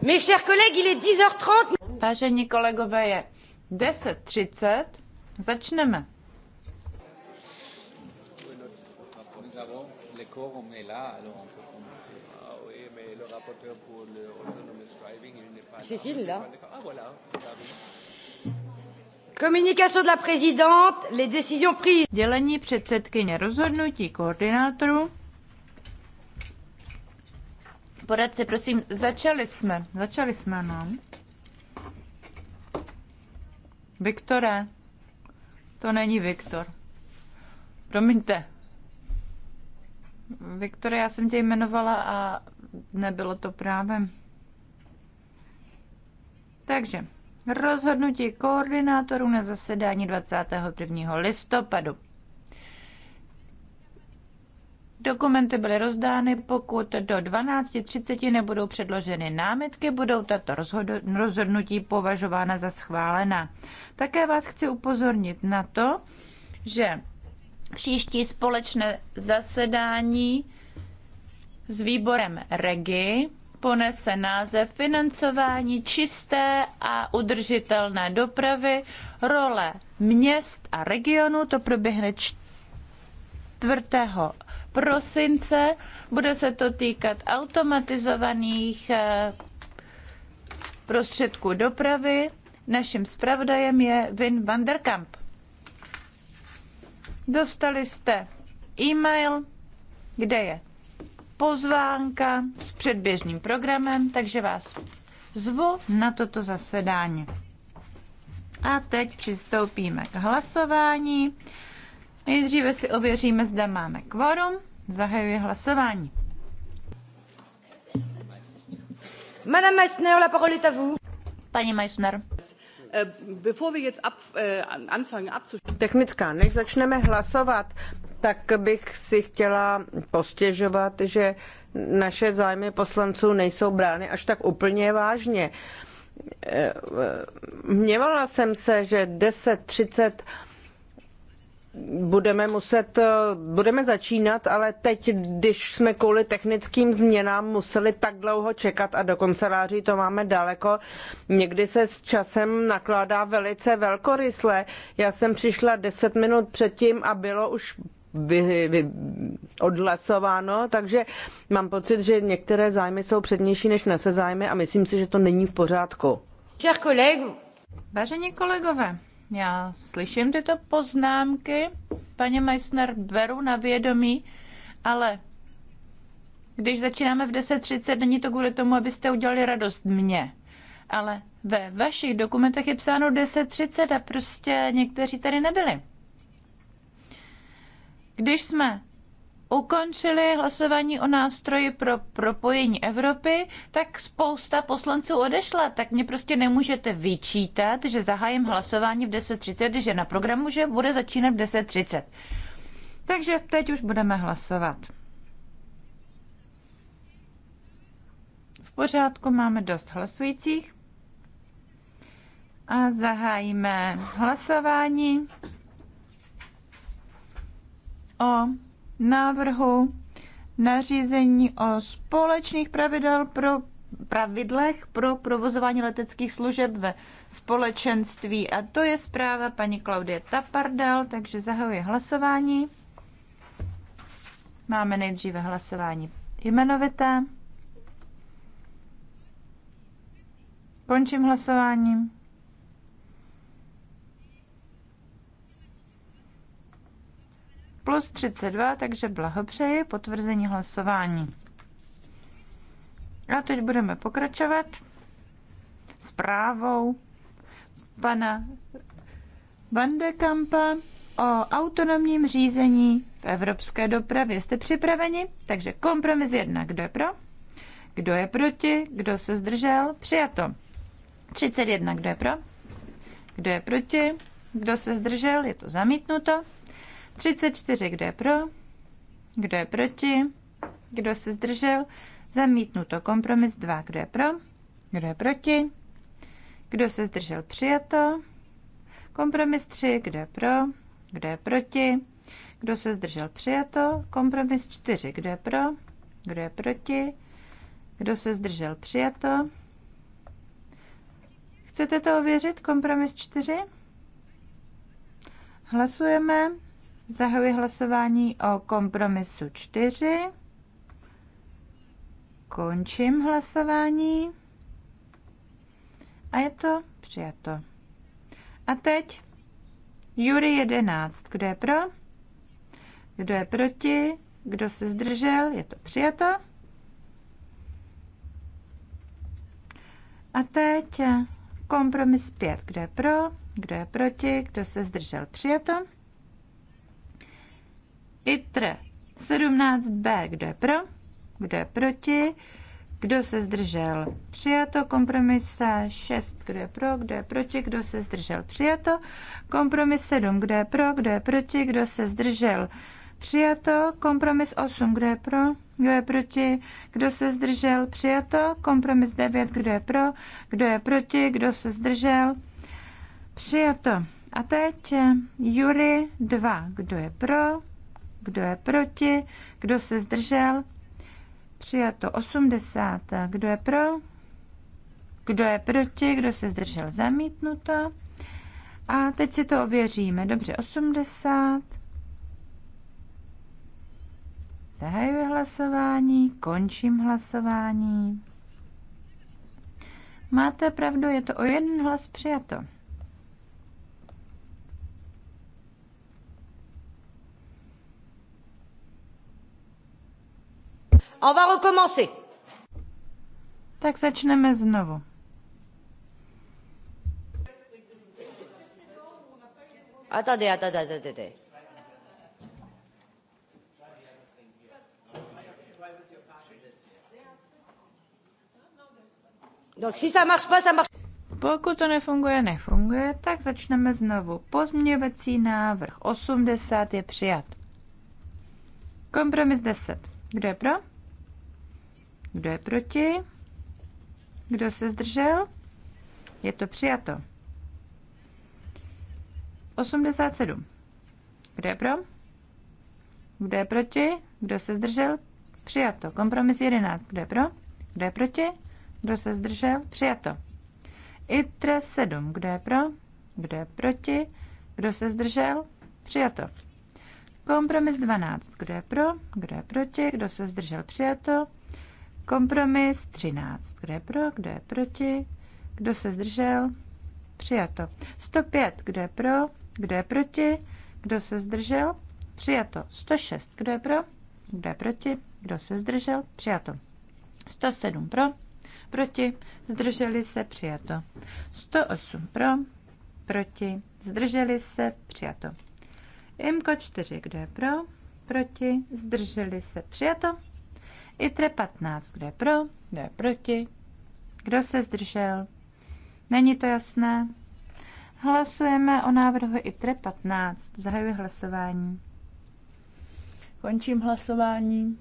Mes chers collègues, il est 10h30. Vážení kolegové, je 10.30. Začneme. Ah Cécile, là. Ah, ah Communication de la présidente, les décisions prises. Dělení předsedkyně rozhodnutí koordinátorů poradce, prosím, začali jsme. Začali jsme, no. Viktore, to není Viktor. Promiňte. Viktore, já jsem tě jmenovala a nebylo to právem. Takže rozhodnutí koordinátorů na zasedání 21. listopadu. Dokumenty byly rozdány, pokud do 12.30 nebudou předloženy námitky, budou tato rozhodnutí považována za schválena. Také vás chci upozornit na to, že příští společné zasedání s výborem REGI ponese název Financování čisté a udržitelné dopravy, role měst a regionu. To proběhne 4 prosince. Bude se to týkat automatizovaných eh, prostředků dopravy. Naším zpravodajem je Vin Vanderkamp. Dostali jste e-mail, kde je pozvánka s předběžným programem, takže vás zvu na toto zasedání. A teď přistoupíme k hlasování. Nejdříve si ověříme, zda máme kvorum. Zahajuji hlasování. Madame Meissner, la parole est à vous. Paní Meissner. Eh, eh, Technická, než začneme hlasovat, tak bych si chtěla postěžovat, že naše zájmy poslanců nejsou brány až tak úplně vážně. Eh, Měvala jsem se, že 30 budeme muset, eh, budeme začínat, ale teď, když jsme kvůli technickým změnám museli tak dlouho čekat a do kanceláří to máme daleko, někdy se s časem nakládá velice velkorysle. Já jsem přišla deset minut předtím a bylo už vy, vy, odhlasováno, takže mám pocit, že některé zájmy jsou přednější než naše zájmy a myslím si, že to není v pořádku. Vážení kolegové, já slyším tyto poznámky, paní Meissner, beru na vědomí, ale když začínáme v 10.30, není to kvůli tomu, abyste udělali radost mně, ale ve vašich dokumentech je psáno 10.30 a prostě někteří tady nebyli. Když jsme ukončili hlasování o nástroji pro propojení Evropy, tak spousta poslanců odešla. Tak mě prostě nemůžete vyčítat, že zahájím hlasování v 10.30, že na programu, že bude začínat v 10.30. Takže teď už budeme hlasovat. V pořádku máme dost hlasujících. A zahájíme hlasování o návrhu nařízení o společných pravidel pro pravidlech pro provozování leteckých služeb ve společenství. A to je zpráva paní Klaudie Tapardel, takže zahajuje hlasování. Máme nejdříve hlasování jmenovité. Končím hlasováním. plus 32, takže blahopřeji, potvrzení hlasování. A teď budeme pokračovat zprávou pana Vandekampa o autonomním řízení v evropské dopravě. Jste připraveni? Takže kompromis jedna. Kdo je pro? Kdo je proti? Kdo se zdržel? Přijato. 31. Kdo je pro? Kdo je proti? Kdo se zdržel? Je to zamítnuto. 34, kdo je pro, kdo je proti, kdo se zdržel, zamítnuto. Kompromis 2, kdo je pro, kdo je proti, kdo se zdržel, přijato. Kompromis 3, kdo je pro, kdo je proti, kdo se zdržel, přijato. Kompromis 4, kdo je pro, kdo je proti, kdo se zdržel, přijato. Chcete to ověřit? Kompromis 4? Hlasujeme. Zahajuji hlasování o kompromisu 4. Končím hlasování. A je to přijato. A teď Jury 11. Kdo je pro? Kdo je proti? Kdo se zdržel? Je to přijato. A teď kompromis 5. Kdo je pro? Kdo je proti? Kdo se zdržel? Přijato. ITRE 17b, kdo je pro, kdo je proti, kdo se zdržel? Přijato. Kompromis 6. Kdo je pro? Kdo je proti? Kdo se zdržel? Přijato. Kompromis 7. Kdo je pro? Kdo je proti? Kdo se zdržel? Přijato. Kompromis 8. Kdo je pro? Kdo je proti? Kdo se zdržel? Přijato. Kompromis 9. Kdo je pro? Kdo je proti? Kdo se zdržel? Přijato. A teď Jury 2. Kdo je pro? kdo je proti, kdo se zdržel. Přijato 80, kdo je pro, kdo je proti, kdo se zdržel, zamítnuto. A teď si to ověříme. Dobře, 80. Zahajuji hlasování, končím hlasování. Máte pravdu, je to o jeden hlas přijato. On va recommencer. Tak začneme znovu. Attendez, attendez, attendez. Donc si ça marche Pokud to nefunguje, nefunguje, tak začneme znovu. Pozměňovací návrh 80 je přijat. Kompromis 10. Kdo je pro? Kdo je proti? Kdo se zdržel? Je to přijato. 87. Kdo je pro? Kdo je proti? Kdo se zdržel? Přijato. Kompromis 11. Kdo je pro? Kdo je proti? Kdo se zdržel? Přijato. ITRE 7. Kdo je pro? Kdo je proti? Kdo se zdržel? Přijato. Kompromis 12. Kdo je pro? Kdo je proti? Kdo se zdržel? Přijato. Kompromis 13. Kdo je pro, kdo je proti, kdo se zdržel? Přijato. 105. Kdo je pro, kdo je proti, kdo se zdržel? Přijato. 106. Kdo je pro, kdo je proti, kdo se zdržel? Přijato. 107 pro, proti, zdrželi se, přijato. 108 pro, proti, zdrželi se, přijato. Imko 4, kdo je pro, proti, zdrželi se, přijato. ITRE 15. Kdo je pro? Kdo je proti? Kdo se zdržel? Není to jasné? Hlasujeme o návrhu ITRE 15. Zahajuji hlasování. Končím hlasování.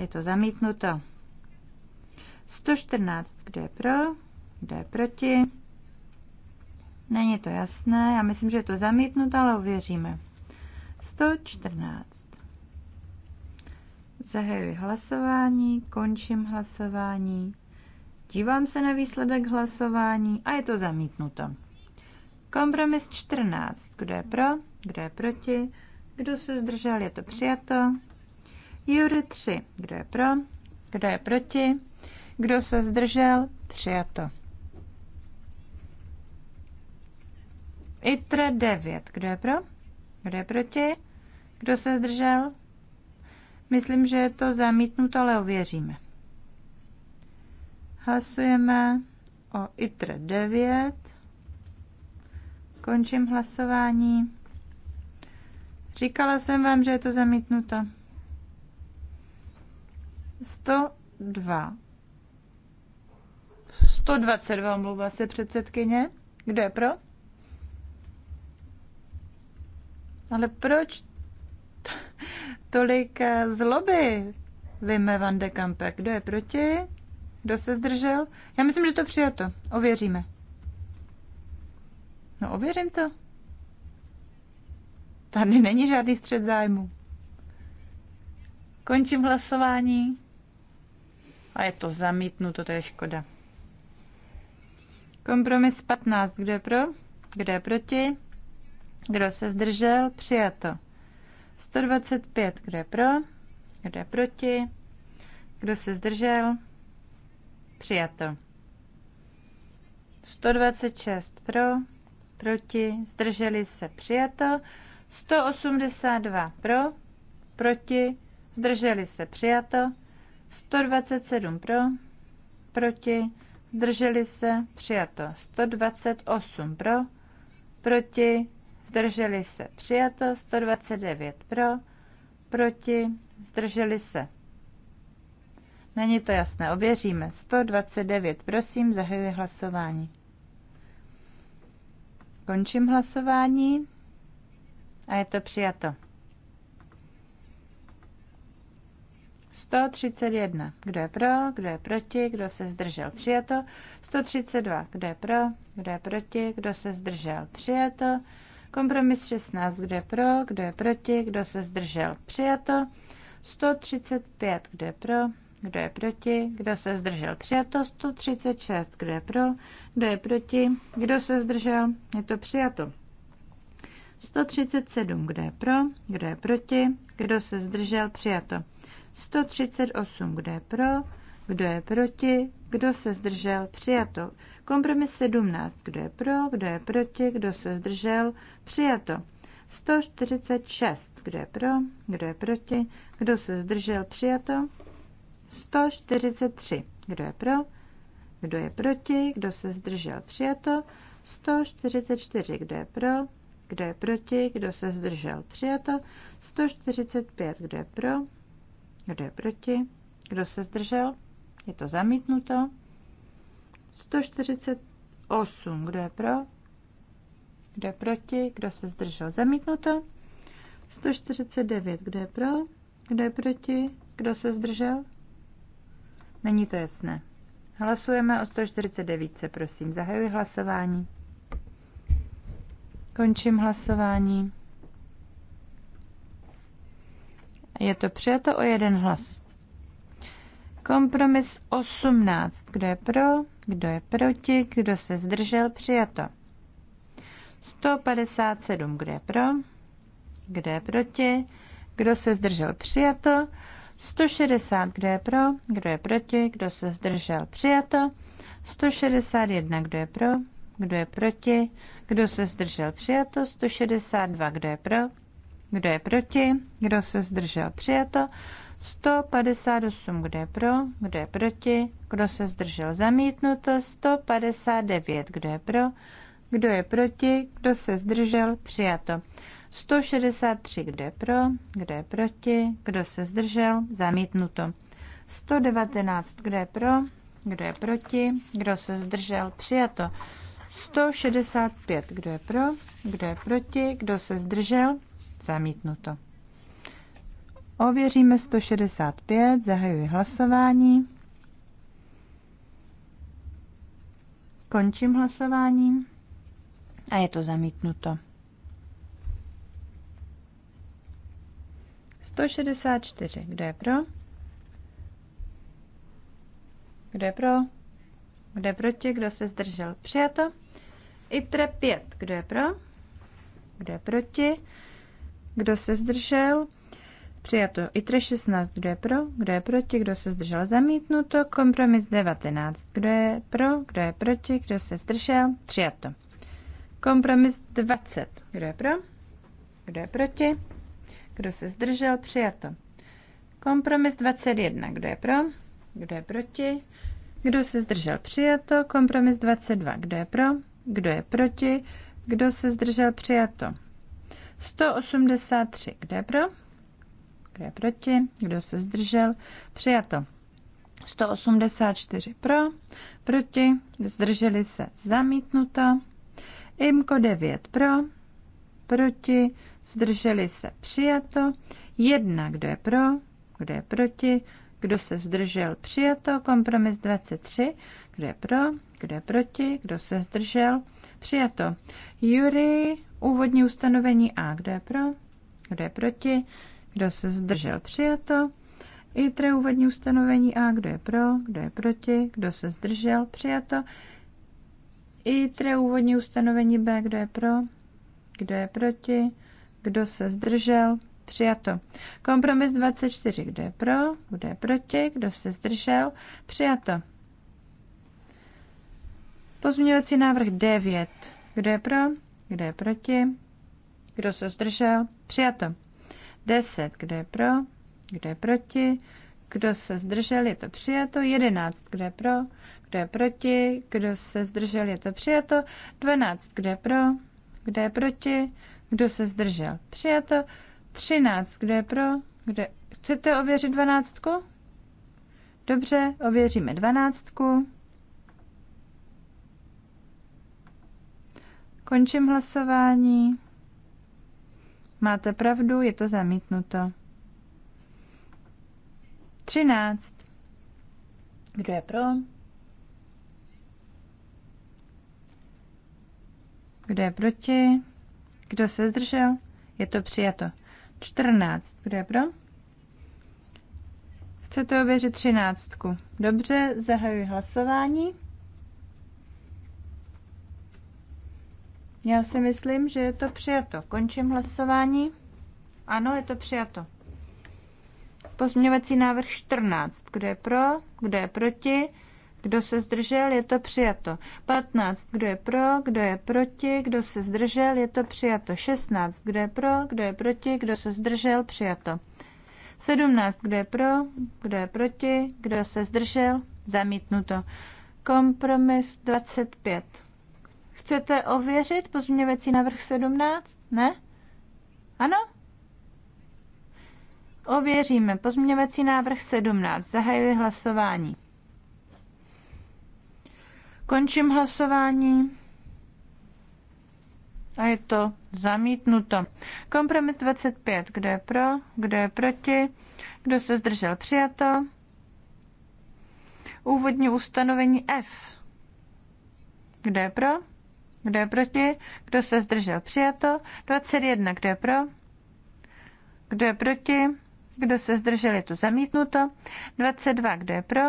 Je to zamítnuto. 114. Kdo je pro? Kdo je proti? Není to jasné. Já myslím, že je to zamítnuto, ale uvěříme. 114. Zahajuji hlasování, končím hlasování, dívám se na výsledek hlasování a je to zamítnuto. Kompromis 14. Kdo je pro, kdo je proti, kdo se zdržel, je to přijato. Jury 3. Kdo je pro, kdo je proti, kdo se zdržel, přijato. ITRE 9. Kdo je pro? Kdo je proti? Kdo se zdržel? Myslím, že je to zamítnuto, ale ověříme. Hlasujeme o ITR 9. Končím hlasování. Říkala jsem vám, že je to zamítnuto. 102. 122 Mluvá se předsedkyně. Kdo je pro? Ale proč? tolik eh, zloby. vyme van de Kampe. Kdo je proti? Kdo se zdržel? Já myslím, že to přijato. Ověříme. No ověřím to. Tady není žádný střed zájmu. Končím hlasování. A je to zamítnuto, to je škoda. Kompromis 15. Kdo je pro? Kdo je proti? Kdo se zdržel? Přijato. 125, kdo je pro, kdo je proti, kdo se zdržel, přijato. 126 pro, proti, zdrželi se, přijato. 182 pro, proti, zdrželi se, přijato. 127 pro, proti, zdrželi se, přijato. 128 pro, proti, zdrželi se přijato, 129 pro, proti, zdrželi se. Není to jasné, ověříme. 129, prosím, zahajuji hlasování. Končím hlasování a je to přijato. 131. Kdo je pro, kdo je proti, kdo se zdržel, přijato. 132. Kdo je pro, kdo je proti, kdo se zdržel, přijato. Kompromis 16, kdo je pro, kdo je proti, kdo se zdržel, přijato. 135, kdo je pro, kdo je proti, kdo se zdržel, přijato. 136, kdo je pro, kdo je proti, kdo se zdržel, je to přijato. 137, kdo je pro, kdo je proti, kdo se zdržel, přijato. 138, kdo je pro, kdo je proti, kdo se zdržel, přijato. Kompromis 17. Kdo je pro, kdo je proti, kdo se zdržel? Přijato. 146. Kdo je pro, kdo je proti, kdo se zdržel? Přijato. 143. Kdo je pro, kdo je proti, kdo se zdržel? Přijato. 144. Kdo je pro, kdo je proti, kdo se zdržel? Přijato. 145. Kdo je pro, kdo je proti, kdo se zdržel? Je to zamítnuto. 148. Kdo je pro? Kdo je proti? Kdo se zdržel? Zamítnuto. 149. Kdo je pro? Kdo je proti? Kdo se zdržel? Není to jasné. Hlasujeme o 149. prosím, zahajuji hlasování. Končím hlasování. Je to přijato o jeden hlas. Kompromis 18. Kdo je pro? Kdo je proti? Kdo se zdržel? Přijato. 157. Kdo je pro? Kdo je proti? Kdo se zdržel? Přijato. 160. Kdo je pro? Kdo je proti? Kdo se zdržel? Přijato. 161. Kdo je pro? Kdo je proti? Kdo se zdržel? Přijato. 162. Kdo je pro? Kdo je proti? Kdo se zdržel? Přijato. 158, kdo je pro, kdo je proti, kdo se zdržel zamítnuto, 159, kdo je pro, kdo je proti, kdo se zdržel přijato. 163, kdo je pro, kdo je proti, kdo se zdržel zamítnuto. 119, kdo je pro, kdo je proti, kdo se zdržel přijato. 165, kdo je pro, kdo je proti, kdo se zdržel zamítnuto. Ověříme 165, zahajuji hlasování. Končím hlasování. a je to zamítnuto. 164, kdo je pro? Kdo je pro? Kdo je proti? Kdo se zdržel? Přijato. ITRE 5, kdo je pro? Kdo je proti? Kdo se zdržel? Přijato ITRE 16, kdo je pro, kdo je proti, kdo se zdržel zamítnuto. Kompromis 19, kdo je pro, kdo je proti, kdo se zdržel. Přijato. Kompromis 20, kdo je pro, kdo je proti, kdo se zdržel. Přijato. Kompromis 21, kdo je pro, kdo je proti, kdo se zdržel. Přijato. Kompromis 22, kdo je pro, kdo je proti, kdo se zdržel. Přijato. 183, kdo je pro, kdo je proti? Kdo se zdržel? Přijato. 184 pro, proti, zdrželi se zamítnuto. IMKO 9 pro, proti, zdrželi se přijato. 1, kdo je pro, kdo je proti, kdo se zdržel přijato. Kompromis 23, kdo je pro, kdo je proti, kdo se zdržel přijato. Jury, úvodní ustanovení A, kdo je pro, kdo je proti, kdo se zdržel? Přijato. I tre úvodní ustanovení A. Kdo je pro? Kdo je proti? Kdo se zdržel? Přijato. I tre úvodní ustanovení B. Kdo je pro? Kdo je proti? Kdo se zdržel? Přijato. Kompromis 24. Kdo je pro? Kdo je proti? Kdo se zdržel? Přijato. Pozměňovací návrh 9. Kdo je pro? Kdo je proti? Kdo se zdržel? Přijato. 10, kdo je pro, kdo je proti, kdo se zdržel, je to přijato, 11, kdo je pro, kdo je proti, kdo se zdržel, je to přijato, 12, kdo je pro, kdo je proti, kdo se zdržel, přijato, 13, kdo je pro, kdo Chcete ověřit dvanáctku? Dobře, ověříme dvanáctku. Končím hlasování. Máte pravdu, je to zamítnuto. 13. Kdo je pro? Kdo je proti? Kdo se zdržel? Je to přijato. 14. Kdo je pro? Chcete ověřit třináctku. Dobře, zahajuji hlasování. Já si myslím, že je to přijato. Končím hlasování. Ano, je to přijato. Pozměňovací návrh 14. Kdo je pro? Kdo je proti? Kdo se zdržel? Je to přijato. 15. Kdo je pro? Kdo je proti? Kdo se zdržel? Je to přijato. 16. Kdo je pro? Kdo je proti? Kdo se zdržel? Přijato. 17. Kdo je pro? Kdo je proti? Kdo se zdržel? Zamítnuto. Kompromis 25. Chcete ověřit pozměňovací návrh 17? Ne? Ano? Ověříme pozměňovací návrh 17. Zahajuji hlasování. Končím hlasování. A je to zamítnuto. Kompromis 25. Kdo je pro? Kdo je proti? Kdo se zdržel? Přijato. Úvodní ustanovení F. Kdo je pro? Kdo je proti? Kdo se zdržel? Přijato. 21. Kdo je pro? Kdo je proti? Kdo se zdržel? Je tu zamítnuto. 22. Kdo je pro?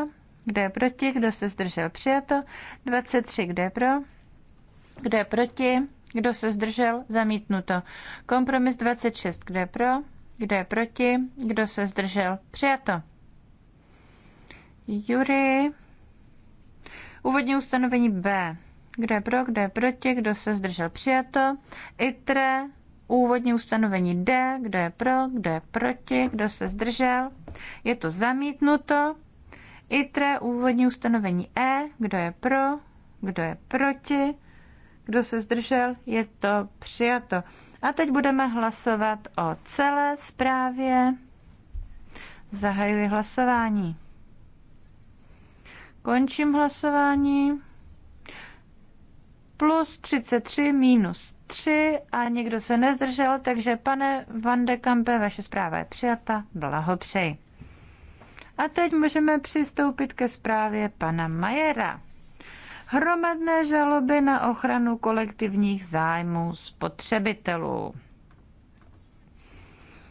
Kdo je proti? Kdo se zdržel? Přijato. 23. Kdo je pro? Kdo je proti? Kdo se zdržel? Zamítnuto. Kompromis 26. Kdo je pro? Kdo je proti? Kdo se zdržel? Přijato. Jury. Úvodní ustanovení B. Kdo je pro, kdo je proti, kdo se zdržel přijato. ITRE, úvodní ustanovení D, kdo je pro, kdo je proti, kdo se zdržel. Je to zamítnuto. ITRE, úvodní ustanovení E, kdo je pro, kdo je proti, kdo se zdržel, je to přijato. A teď budeme hlasovat o celé zprávě. Zahajuji hlasování. Končím hlasování plus 33 minus 3 a nikdo se nezdržel, takže pane Van de Kampe, vaše zpráva je přijata, blahopřeji. A teď můžeme přistoupit ke zprávě pana Majera. Hromadné žaloby na ochranu kolektivních zájmů spotřebitelů,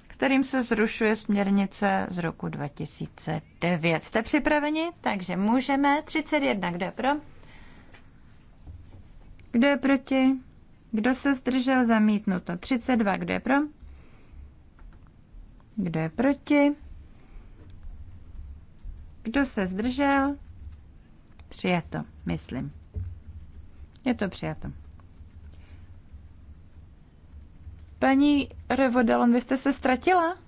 kterým se zrušuje směrnice z roku 2009. Jste připraveni? Takže můžeme. 31, kdo je pro? Kdo je proti? Kdo se zdržel? Zamítnuto. 32. Kdo je pro? Kdo je proti? Kdo se zdržel? Přijato, myslím. Je to přijato. Paní Revodalon, vy jste se ztratila?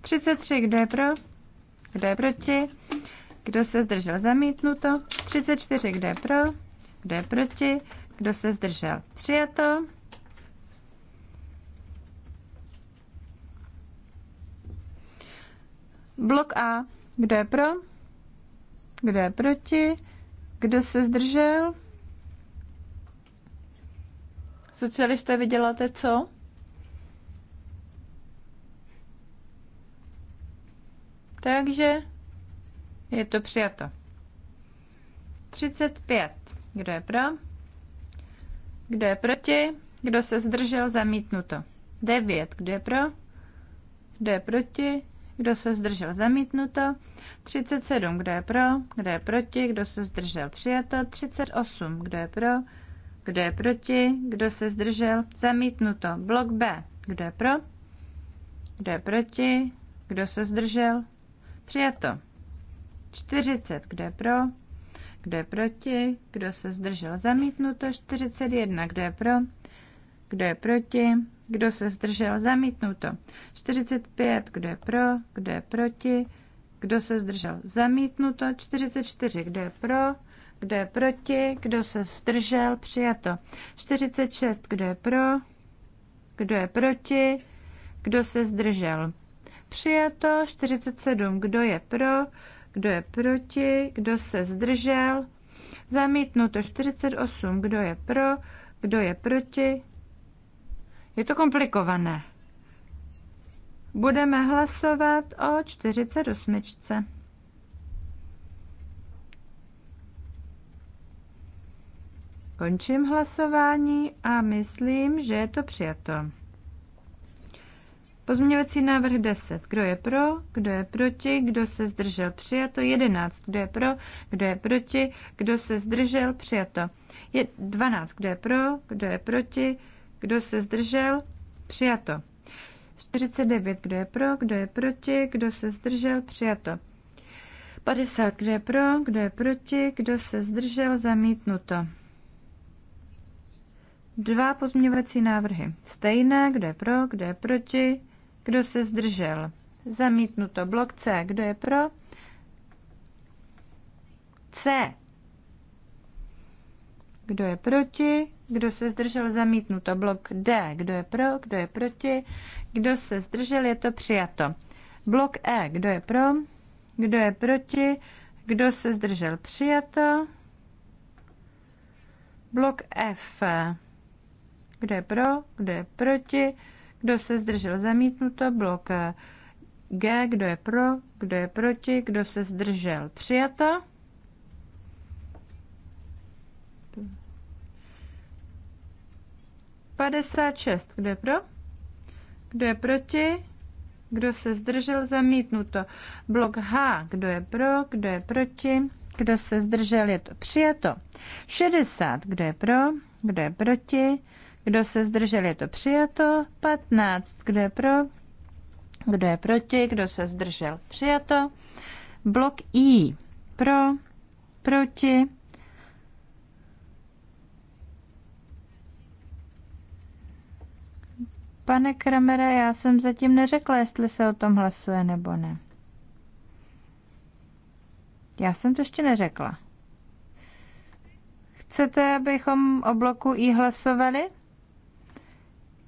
33, kdo je pro? Kdo je proti? Kdo se zdržel? Zamítnuto. 34. Kdo je pro? Kdo je proti? Kdo se zdržel? Přijato. Blok A. Kdo je pro? Kdo je proti? Kdo se zdržel? Socialisté, vy děláte co? Takže je to přijato. 35. Kdo je pro? Kdo je proti? Kdo se zdržel? Zamítnuto. 9. Kdo je pro? Kdo je proti? Kdo se zdržel? Zamítnuto. 37. Kdo je pro? Kdo je proti? Kdo se zdržel? Přijato. 38. Kdo je pro? Kdo je proti? Kdo se zdržel? Zamítnuto. Blok B. Kdo je pro? Kdo je proti? Kdo se zdržel? Přijato. 40, kdo je pro, kdo je proti, kdo se zdržel zamítnuto, 41, kdo je pro, kdo je proti, kdo se zdržel zamítnuto, 45, kdo je pro, kdo je proti, kdo se zdržel zamítnuto, 44, kdo je pro, kdo je proti, kdo se zdržel přijato, 46, kdo je pro, kdo je proti, kdo se zdržel přijato, 47, kdo je pro, kdo je proti, kdo se zdržel, zamítnuto 48, kdo je pro, kdo je proti. Je to komplikované. Budeme hlasovat o 48. Končím hlasování a myslím, že je to přijato. Pozměňovací návrh 10. Kdo je pro? Kdo je proti? Kdo se zdržel? Přijato. 11. Kdo je pro? Kdo je proti? Kdo se zdržel? Přijato. 12. Kdo je pro? Kdo je proti? Kdo se zdržel? Přijato. 49. Kdo je pro? Kdo je proti? Kdo se zdržel? Přijato. 50. Kdo je pro? Kdo je proti? Kdo se zdržel? Zamítnuto. Dva pozměňovací návrhy. Stejné, kdo je pro, kdo je proti, kdo se zdržel? Zamítnuto. Blok C. Kdo je pro? C. Kdo je proti? Kdo se zdržel? Zamítnuto. Blok D. Kdo je pro? Kdo je proti? Kdo se zdržel? Je to přijato. Blok E. Kdo je pro? Kdo je proti? Kdo se zdržel? Přijato. Blok F. Kdo je pro? Kdo je proti? Kdo se zdržel zamítnuto? Blok G. Kdo je pro? Kdo je proti? Kdo se zdržel? Přijato. Padesát šest. Kdo je pro? Kdo je proti? Kdo se zdržel? Zamítnuto. Blok H. Kdo je pro? Kdo je proti? Kdo se zdržel? Je to přijato. 60. Kdo je pro? Kdo je proti? Kdo se zdržel, je to přijato. 15. Kdo je pro? Kdo je proti? Kdo se zdržel? Přijato. Blok I. Pro, proti. Pane Kramere, já jsem zatím neřekla, jestli se o tom hlasuje nebo ne. Já jsem to ještě neřekla. Chcete, abychom o bloku I hlasovali?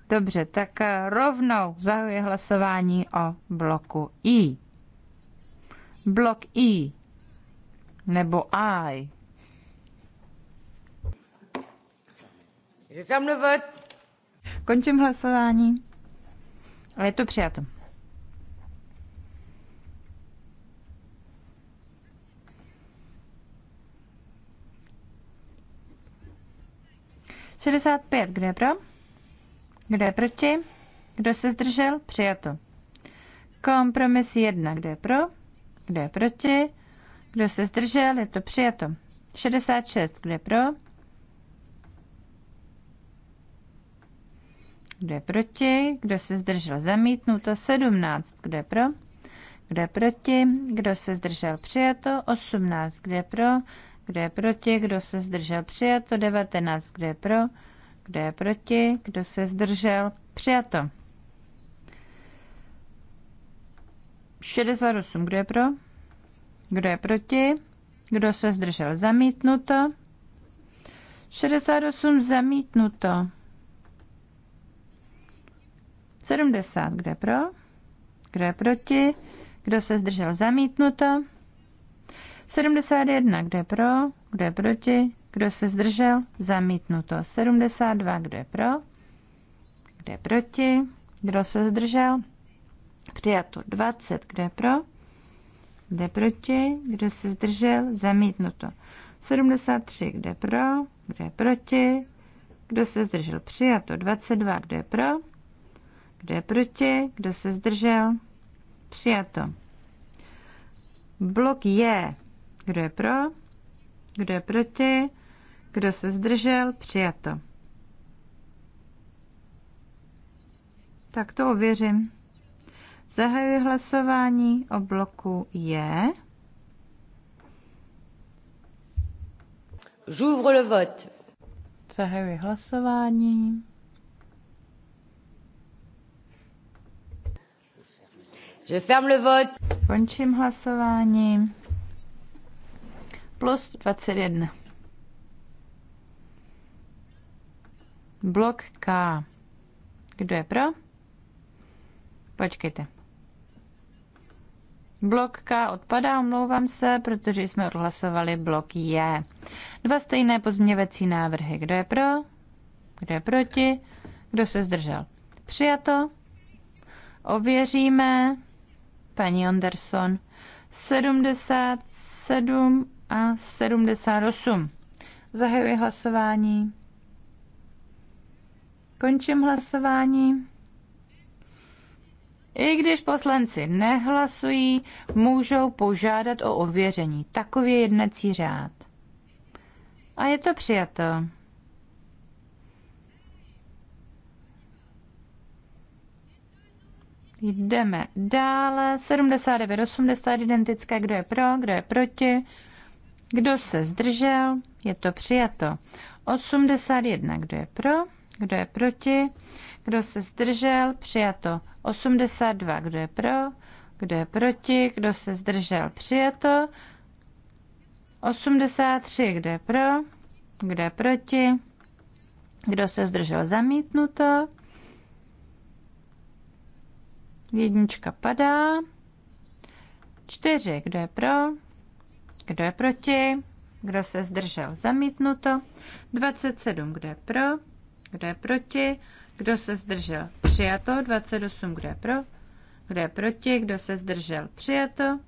Dobře, tak rovnou zahajuje hlasování o bloku I. Blok I nebo I. Končím hlasování. A je to přijato. Šedesát pět, kde je pro? Kdo je proti? Kdo se zdržel? Přijato. Kompromis 1. Kdo je pro? Kdo je proti? Kdo se zdržel? Je to přijato. 66. Kdo je pro? Kdo je proti? Kdo se zdržel? Zamítnuto. 17. Kdo je pro? Kdo je proti? Kdo se zdržel? Přijato. 18. Kdo je pro? Kdo je proti? Kdo se zdržel? Přijato. 19. Kdo je pro? Kdo je proti? Kdo se zdržel? Přijato. 68. Kdo je pro? Kdo je proti? Kdo se zdržel? Zamítnuto. 68 zamítnuto. 70. Kdo je pro? Kdo je proti? Kdo se zdržel? Zamítnuto. 71. Kdo je pro? Kdo je proti? Kdo se zdržel? Zamítnuto. 72. Kdo je pro? Kdo je proti? Kdo se zdržel? Přijato 20. Kdo je pro? Kdo je proti? Kdo se zdržel? Zamítnuto. 73. Kdo je pro? Kdo je proti? Kdo se zdržel? Přijato 22. Kdo je pro? Kdo je proti? Kdo se zdržel? Přijato. Blok je. Kdo je pro? Kdo je proti? Kdo se zdržel? Přijato. Tak to ověřím. Zahajuji hlasování o bloku je. J'ouvre le vote. Zahajuji hlasování. Je ferme le vote. Končím hlasování. Plus 21. Blok K. Kdo je pro? Počkejte. Blok K odpadá, omlouvám se, protože jsme odhlasovali blok J. Dva stejné pozměňovací návrhy. Kdo je pro? Kdo je proti? Kdo se zdržel? Přijato. Ověříme. Paní Anderson. 77 a 78. Zahajuji hlasování. Končím hlasování. I když poslanci nehlasují, můžou požádat o ověření. Takový jednací řád. A je to přijato. Jdeme dále. 79, 80 identické. Kdo je pro, kdo je proti? Kdo se zdržel? Je to přijato. 81, kdo je pro? Kdo je proti? Kdo se zdržel? Přijato. 82. Kdo je pro? Kdo je proti? Kdo se zdržel? Přijato. 83. Kdo je pro? Kdo je proti? Kdo se zdržel? Zamítnuto. Jednička padá. Čtyři. Kdo je pro? Kdo je proti? Kdo se zdržel? Zamítnuto. 27. Kdo je pro? kdo je proti, kdo se zdržel, přijato. 28, kdo je pro, kdo je proti, kdo se zdržel, přijato.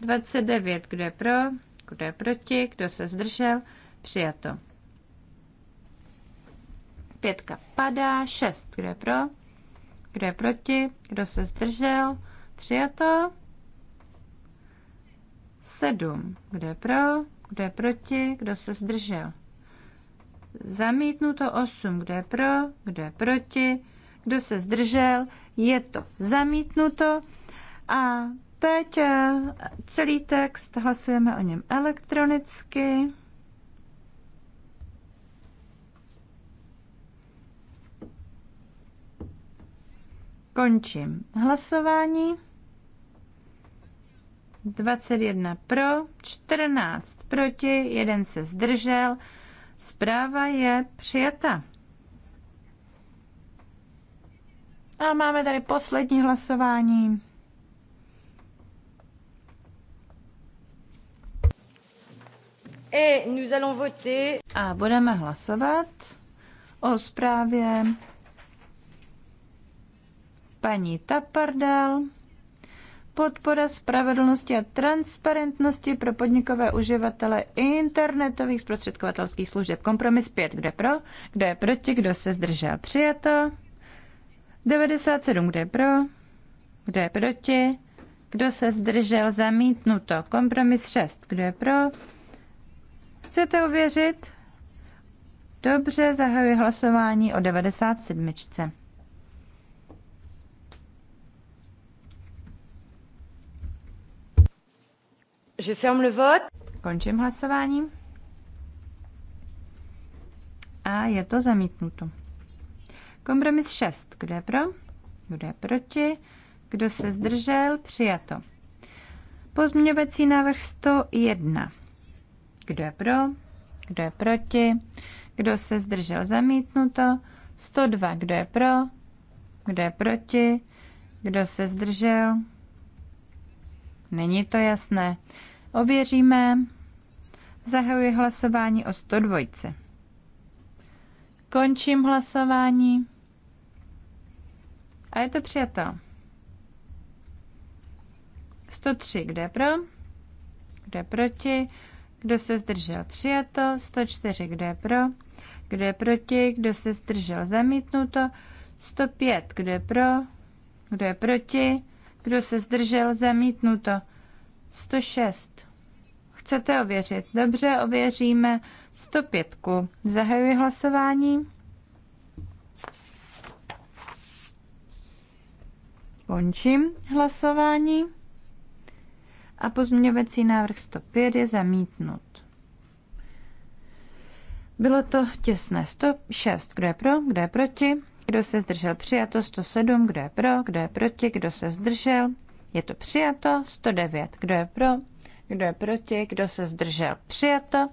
29, kdo je pro, kdo je proti, kdo se zdržel, přijato. Pětka padá, šest, kdo je pro, kdo je proti, kdo se zdržel, přijato. Sedm, kdo je pro, kdo je proti, kdo se zdržel, zamítnuto 8, kdo je pro, kdo je proti, kdo se zdržel, je to zamítnuto. A teď eh, celý text, hlasujeme o něm elektronicky. Končím hlasování. 21 pro, 14 proti, jeden se zdržel. Zpráva je přijata. A máme tady poslední hlasování. Et eh, nous allons voter. A budeme hlasovat o zprávě paní Tapardel podpora spravedlnosti a transparentnosti pro podnikové uživatele internetových zprostředkovatelských služeb. Kompromis 5. Kde pro? Kde je proti? Kdo se zdržel? Přijato. 97. Kde je pro? kde je proti? Kdo se zdržel? Zamítnuto. Kompromis 6. kde je pro? Chcete uvěřit? Dobře, zahajuji hlasování o 97. Je ferme le vote. Končím hlasování. A je to zamítnuto. Kompromis 6. Kdo je pro? Kdo je proti? Kdo se zdržel? Přijato. Pozměňovací návrh 101. Kdo je pro? Kdo je proti? Kdo se zdržel? Zamítnuto. 102. Kdo je pro? Kdo je proti? Kdo se zdržel? Není to jasné. Ověříme. Zahajuji hlasování o 102. Končím hlasování. A je to přijato. 103, kde pro? Kde proti? Kdo se zdržel? Přijato. 104, kde pro? Kde proti? Kdo se zdržel? Zamítnuto. 105, Kde pro? Kdo je proti? Kdo se zdržel? Zamítnuto. 106. Chcete ověřit? Dobře, ověříme 105. Zahajuji hlasování. Končím hlasování. A pozměňovací návrh 105 je zamítnut. Bylo to těsné 106. Kdo je pro, kdo je proti? kdo se zdržel přijato, 107, kdo je pro, kdo je proti, kdo se zdržel, je to přijato, 109, kdo je pro, kdo je proti, kdo se zdržel, přijato.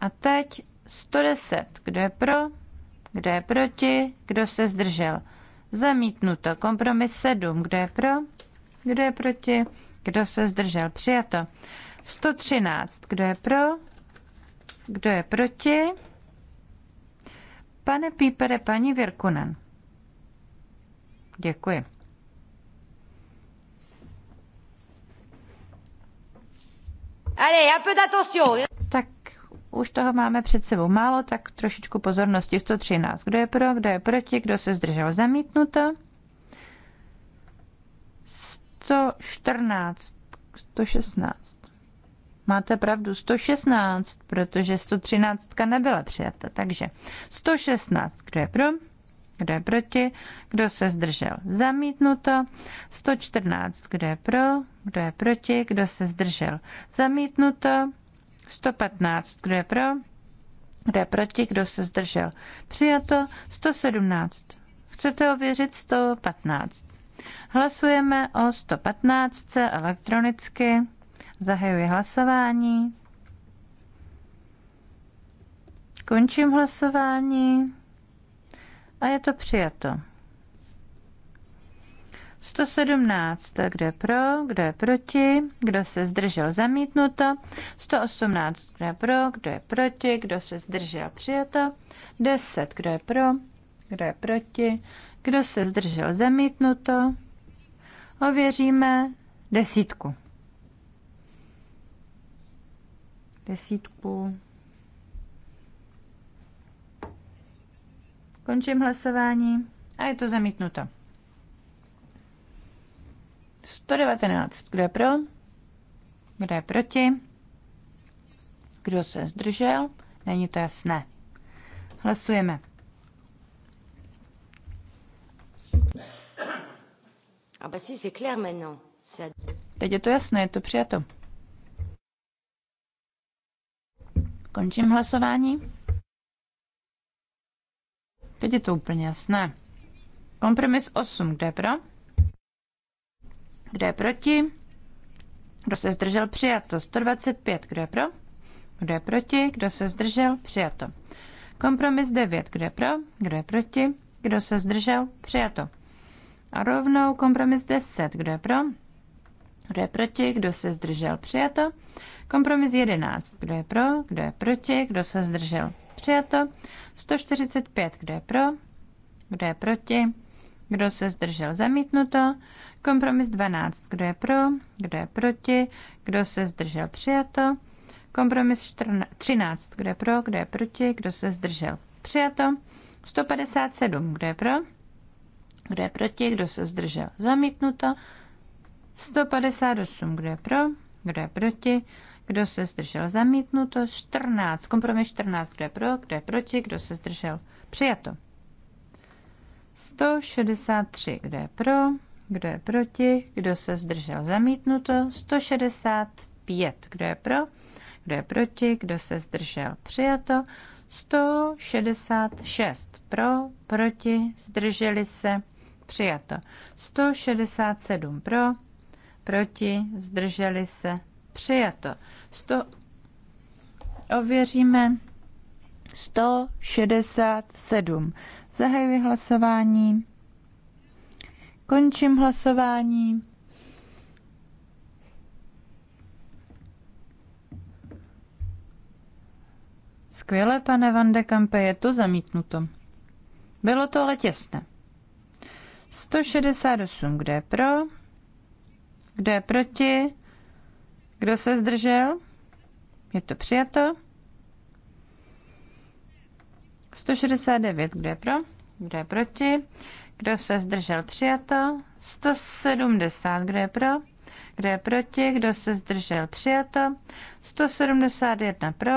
A teď 110, kdo je pro, kdo je proti, kdo se zdržel, zamítnuto. Kompromis 7, kdo je pro, kdo je proti, kdo se zdržel, přijato. 113, kdo je pro, kdo je proti, Pane Pípere, paní Virkunen. Děkuji. Ale já Tak už toho máme před sebou málo, tak trošičku pozornosti. 113. Kdo je pro, kdo je proti, kdo se zdržel zamítnuto? 114. 116. Máte pravdu, 116, protože 113 nebyla přijata. Takže 116, kdo je pro? Kdo je proti? Kdo se zdržel? Zamítnuto. 114, kdo je pro? Kdo je proti? Kdo se zdržel? Zamítnuto. 115, kdo je pro? Kdo je proti? Kdo se zdržel? Přijato. 117. Chcete ověřit 115? Hlasujeme o 115 elektronicky. Zahajuji hlasování. Končím hlasování. A je to přijato. 117, kdo je pro, kdo je proti, kdo se zdržel zamítnuto, 118, kdo je pro, kdo je proti, kdo se zdržel přijato, 10, kdo je pro, kdo je proti, kdo se zdržel zamítnuto, ověříme desítku. desítku. Končím hlasování a je to zamítnuto. 119. Kdo je pro? Kdo je proti? Kdo se zdržel? Není to jasné. Hlasujeme. Ah, si, Teď je to jasné, je to přijato. Končím hlasování. Teď je to úplně jasné. Kompromis 8. Kdo je pro? Kdo je proti? Kdo se zdržel? Přijato. 125. Kdo je pro? Kdo je proti? Kdo se zdržel? Přijato. Kompromis 9. Kdo je pro? Kdo je proti? Kdo se zdržel? Přijato. A rovnou kompromis 10. Kdo je pro? Kdo je proti? Kdo se zdržel? Přijato. Kompromis 11. Kdo je pro? Kdo je proti? Kdo se zdržel? Přijato. 145. Kdo je pro? Kdo je proti? Kdo se zdržel? Zamítnuto. Kompromis 12. Kdo je pro? Kdo je proti? Kdo se zdržel? Přijato. Kompromis 13. Kdo je pro? Kdo je proti? Kdo se zdržel? Přijato. 157. Kdo je pro? Kdo je proti? Kdo se zdržel? Zamítnuto. 158, kdo je pro, kdo je proti, kdo se zdržel zamítnuto, 14, kompromis 14, kdo je pro, kdo je proti, kdo se zdržel přijato. 163, kdo je pro, kdo je proti, kdo se zdržel zamítnuto, 165, kdo je pro, kdo je proti, kdo se zdržel přijato, 166 pro, proti, zdrželi se, přijato. 167 pro, proti, zdrželi se, přijato. 100, ověříme 167. Zahajuji hlasování. Končím hlasování. Skvěle, pane Van de Kampe, je to zamítnuto. Bylo to ale těsné. 168, kde je pro? Kdo je proti? Kdo se zdržel? Je to přijato. 169, kdo je pro? Kdo je proti? Kdo se zdržel? Přijato. 170, kdo je pro? Kdo je proti? Kdo se zdržel? Přijato. 171 pro,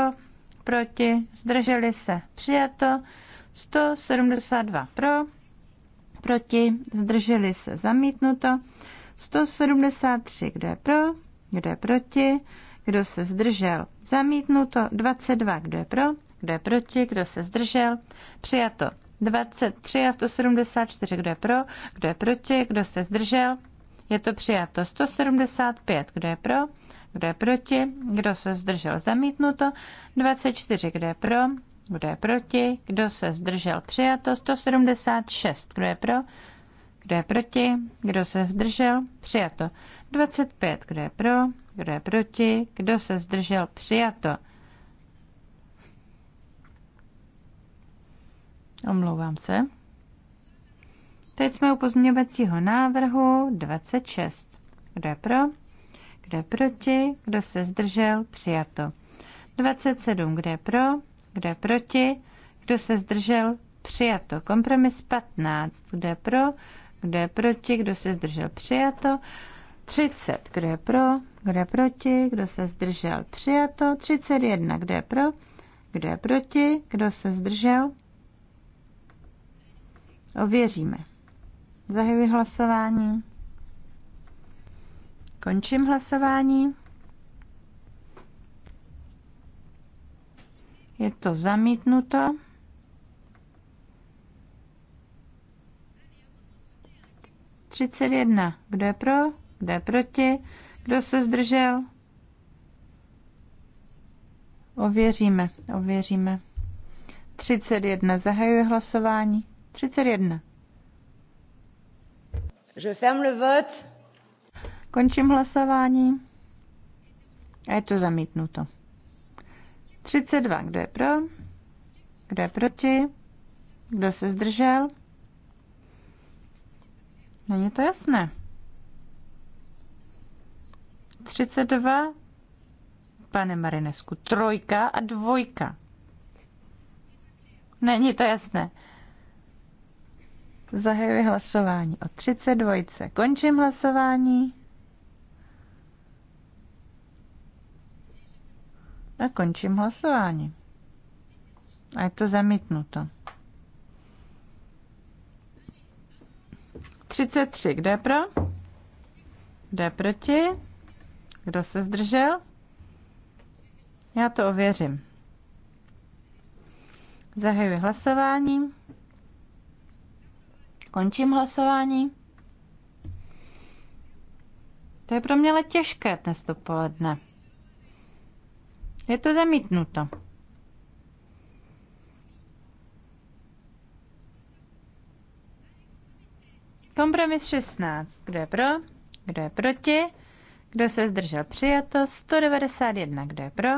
proti, zdrželi se. Přijato. 172 pro, proti, zdrželi se zamítnuto. 173, kdo je pro, kdo je proti, kdo se zdržel zamítnuto. 22, kdo je pro, kdo je proti, kdo se zdržel přijato. 23 a 174, kdo je pro, kdo je proti, kdo se zdržel. Je to přijato 175, kdo je pro, kdo je proti, kdo se zdržel zamítnuto, 24, kdo je pro, kdo je proti? Kdo se zdržel? Přijato 176. Kdo je pro? Kdo je proti? Kdo se zdržel? Přijato 25. Kdo je pro? Kdo je proti? Kdo se zdržel? Přijato. Omlouvám se. Teď jsme u pozměňovacího návrhu 26. Kdo je pro? Kdo je proti? Kdo se zdržel? Přijato. 27. Kdo je pro? kdo je proti, kdo se zdržel, přijato. Kompromis 15, kdo je pro, kdo je proti, kdo se zdržel, přijato. 30, kdo je pro, kdo je proti, kdo se zdržel, přijato. 31, kdo je pro, kdo je proti, kdo se zdržel. Ověříme. Zahajuji hlasování. Končím hlasování. Je to zamítnuto. Třicet jedna. Kdo je pro? Kdo je proti? Kdo se zdržel? Ověříme, ověříme. 31. Zahajuje hlasování. 31. Je ferme le vote. Končím hlasování. A je to zamítnuto. 32. Kdo je pro? Kdo je proti? Kdo se zdržel? Není to jasné. 32. Pane Marinesku, trojka a dvojka. Není to jasné. Zahajuji hlasování o 32. Končím hlasování. A končím hlasování. A je to zamítnuto. 33. Kdo je pro? Kdo je proti? Kdo se zdržel? Já to ověřím. Zahajuji hlasování. Končím hlasování. To je pro mě ale těžké dnes dopoledne. Je to zamítnuto. Kompromis 16. Kdo je pro? Kdo je proti? Kdo se zdržel přijato? 191. Kdo je pro?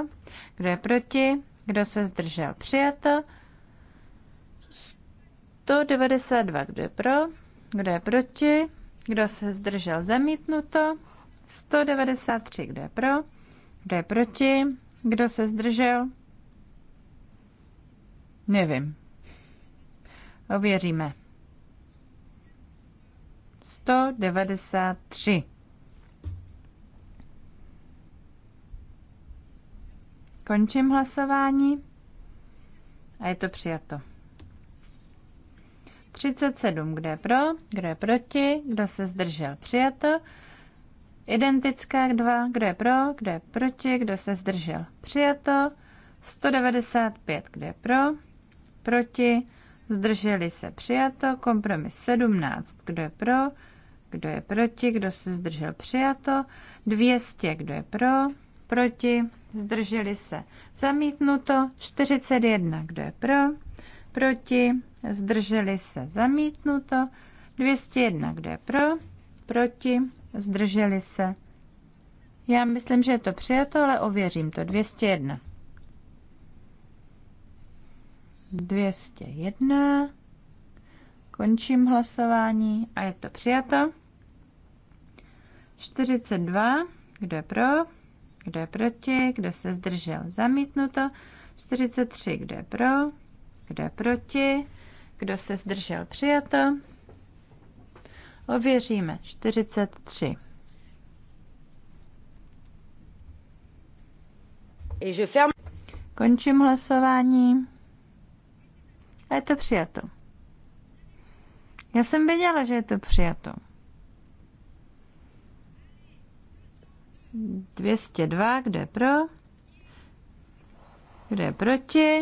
Kdo je proti? Kdo se zdržel přijato? 192. Kdo je pro? Kdo je proti? Kdo se zdržel zamítnuto? 193. Kdo je pro? Kdo je proti? Kdo se zdržel? Nevím. Ověříme. 193. Končím hlasování a je to přijato. 37, kdo je pro, kdo je proti, kdo se zdržel, přijato. Identická k 2, kdo je pro, kdo je proti, kdo se zdržel. Přijato. 195, kdo je pro, proti, zdrželi se. Přijato. Kompromis 17, kdo je pro, kdo je proti, kdo se zdržel. Přijato. 200, kdo je pro, proti, zdrželi se. Zamítnuto. 41, kdo je pro, proti, zdrželi se. Zamítnuto. 201, kdo je pro, proti, zdrželi se. Já myslím, že je to přijato, ale ověřím to. 201. 201. Končím hlasování a je to přijato. 42. Kdo je pro? Kdo je proti? Kdo se zdržel? Zamítnuto. 43. Kdo je pro? Kdo je proti? Kdo se zdržel? Přijato. Ověříme. 43. Končím hlasování. A je to přijato. Já jsem věděla, že je to přijato. 202, kdo je pro? Kdo je proti?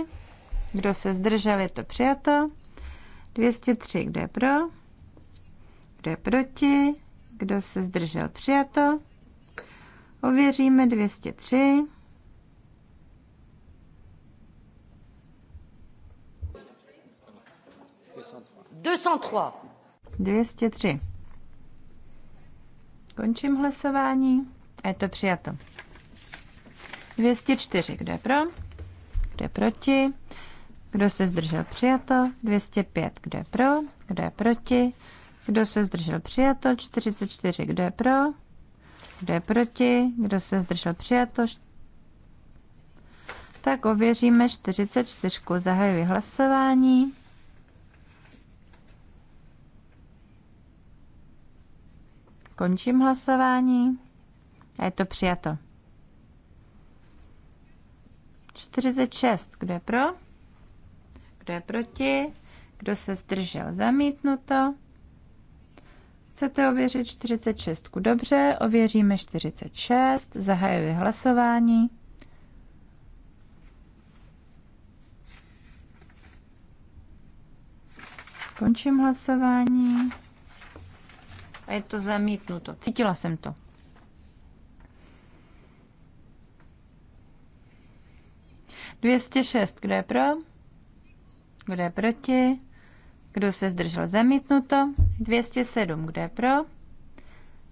Kdo se zdržel, je to přijato. 203, kdo je pro? kdo je proti, kdo se zdržel přijato. Ověříme 203. Dvěstě tři. Končím hlasování a je to přijato. 204, kdo je pro? Kdo je proti? Kdo se zdržel přijato? 205, kdo je pro? Kdo je proti? Kdo se zdržel přijato? 44. Kdo je pro? Kdo je proti? Kdo se zdržel přijato? Tak ověříme 44. Zahajuji hlasování. Končím hlasování. A je to přijato. 46. Kdo je pro? Kdo je proti? Kdo se zdržel? Zamítnuto. Chcete ověřit 46? Dobře, ověříme 46. Zahajuji hlasování. Končím hlasování. A je to zamítnuto. Cítila jsem to. Dvěstě šest. Kdo je pro? Kdo je proti? Kdo se zdržel zamítnuto? 207. Kdo je pro?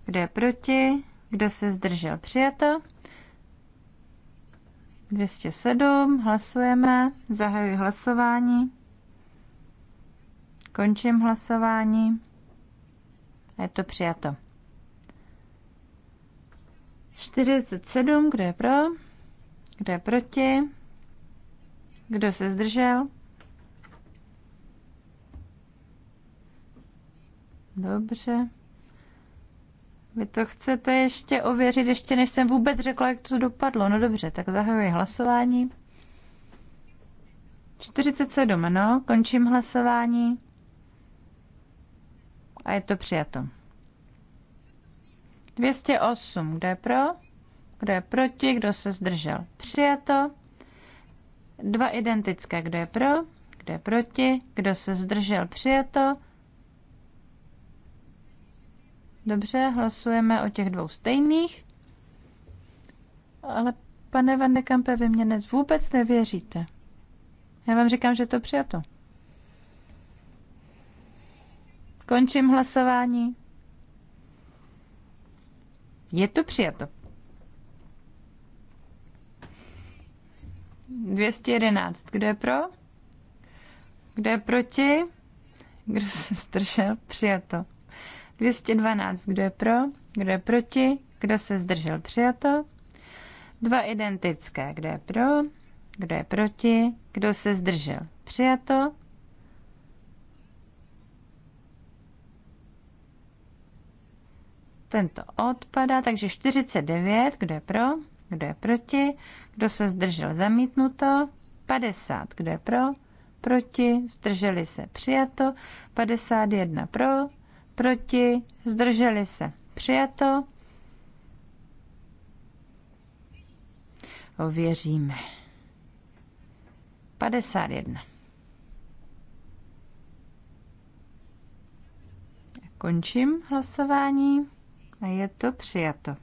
Kdo je proti? Kdo se zdržel přijato? 207. Hlasujeme. Zahajuji hlasování. Končím hlasování. A je to přijato. 47. Kdo je pro? Kdo je proti? Kdo se zdržel? Dobře. Vy to chcete ještě ověřit, ještě než jsem vůbec řekla, jak to dopadlo. No dobře, tak zahajuji hlasování. 47, ano, končím hlasování. A je to přijato. 208, kdo je pro? Kdo je proti? Kdo se zdržel? Přijato. Dva identické, kdo je pro? Kdo je proti? Kdo se zdržel? Přijato. Dobře, hlasujeme o těch dvou stejných. Ale pane Van de Kampe, vy mě dnes vůbec nevěříte. Já vám říkám, že to přijato. Končím hlasování. Je to přijato. 211. Kdo je pro? Kdo je proti? Kdo se stršel? Přijato. 212, kdo je pro, kdo je proti, kdo se zdržel přijato. Dva identické, kdo je pro, kdo je proti, kdo se zdržel přijato. Tento odpadá, takže 49, kdo je pro, kdo je proti, kdo se zdržel zamítnuto, 50, kdo je pro, proti, zdrželi se přijato, 51 pro, proti, zdrželi se, přijato. Ověříme. 51. Končím hlasování a je to přijato.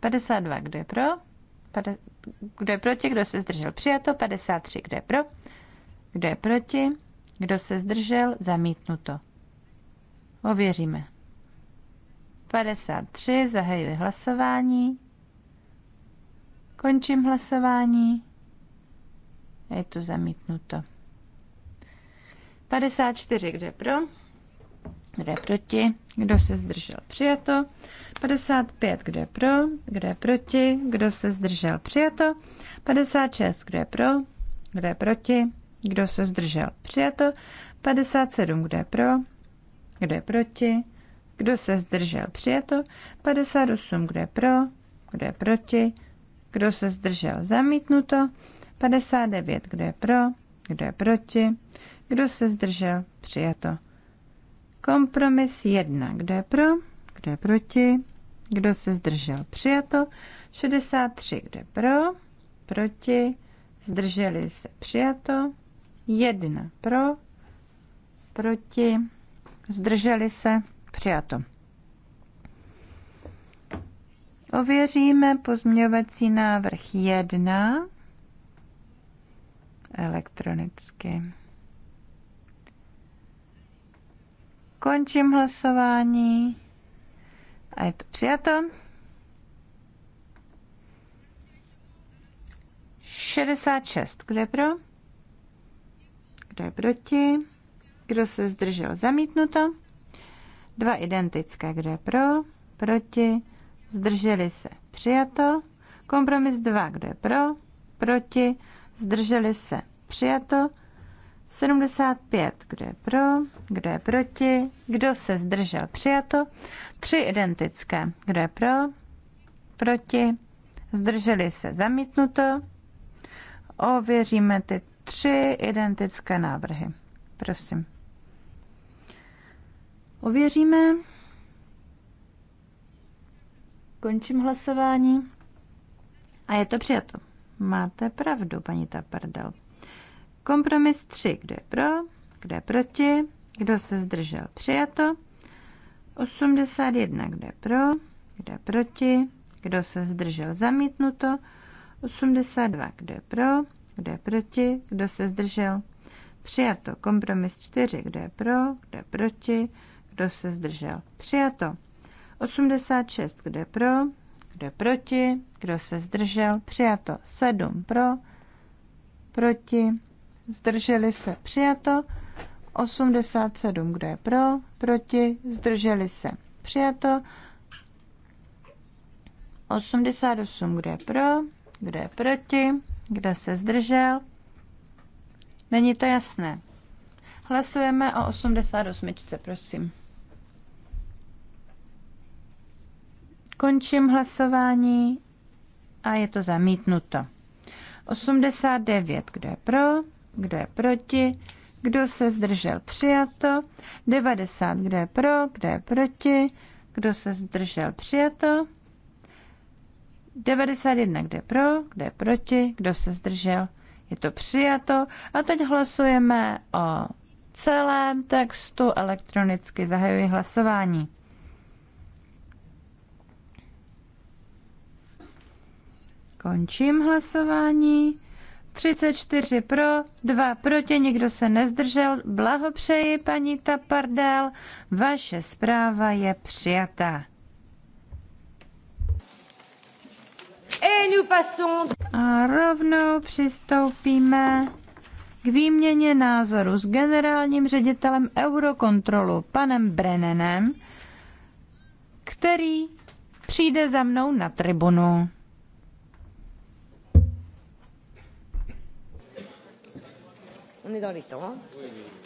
52, kdo je pro? Kdo je proti, kdo se zdržel? Přijato. 53, kdo je pro? Kdo je proti? Kdo se zdržel? Zamítnuto. Ověříme. 53. Zahajuji hlasování. Končím hlasování. Je to zamítnuto. 54. Kdo je pro? Kdo je proti? Kdo se zdržel? Přijato. 55. Kdo je pro? Kdo je proti? Kdo se zdržel? Přijato. 56. Kdo je pro? Kdo je proti? Kdo se zdržel? Přijato. 57. Kdo je pro? Kdo je proti? Kdo se zdržel? Přijato. 58. Kdo je pro? Kdo je proti? Kdo se zdržel? Zamítnuto. 59. Kdo je pro? Kdo je proti? Kdo se zdržel? Přijato. Kompromis 1. Kdo je pro? Kdo je proti? Kdo se zdržel? Přijato. 63. Kdo je pro? Proti? Zdrželi se? Přijato. 1 pro, proti, zdrželi se, přijato. Ověříme pozměňovací návrh 1 elektronicky. Končím hlasování a je to přijato. 66. Kdo je pro? Kdo je proti? Kdo se zdržel? Zamítnuto. Dva identické. Kdo je pro? Proti? Zdrželi se? Přijato. Kompromis 2. Kdo je pro? Proti? Zdrželi se? Přijato. 75. Kdo je pro? Kdo je proti? Kdo se zdržel? Přijato. Tři identické. Kdo je pro? Proti? Zdrželi se? Zamítnuto. Ověříme ty Tři identické návrhy. Prosím. Ověříme. Končím hlasování. A je to přijato. Máte pravdu, paní Tapardel. Kompromis 3. Kdo je pro? Kdo je proti? Kdo se zdržel? Přijato. 81. Kdo je pro? Kdo je proti? Kdo se zdržel? Zamítnuto. 82. Kdo je pro? kdo je proti, kdo se zdržel. Přijato. Kompromis 4, kdo je pro, kdo je proti, kdo se zdržel. Přijato. 86, kdo je pro, kdo je proti, kdo se zdržel. Přijato. 7 pro, proti, zdrželi se. Přijato. 87, kdo je pro, proti, zdrželi se. Přijato. 88, kdo je pro, kdo je proti, kdo se zdržel? Není to jasné. Hlasujeme o 88, prosím. Končím hlasování a je to zamítnuto. 89, kdo je pro, kdo je proti, kdo se zdržel přijato, 90, kdo je pro, kdo je proti, kdo se zdržel přijato, 91, kde pro, kde proti, kdo se zdržel. Je to přijato. A teď hlasujeme o celém textu elektronicky. Zahajuji hlasování. Končím hlasování. 34 pro, 2 proti, nikdo se nezdržel. Blahopřeji, paní Tapardel. Vaše zpráva je přijatá. A rovnou přistoupíme k výměně názoru s generálním ředitelem Eurokontrolu, panem Brennenem, který přijde za mnou na tribunu. On est dans les temps. Oui, oui.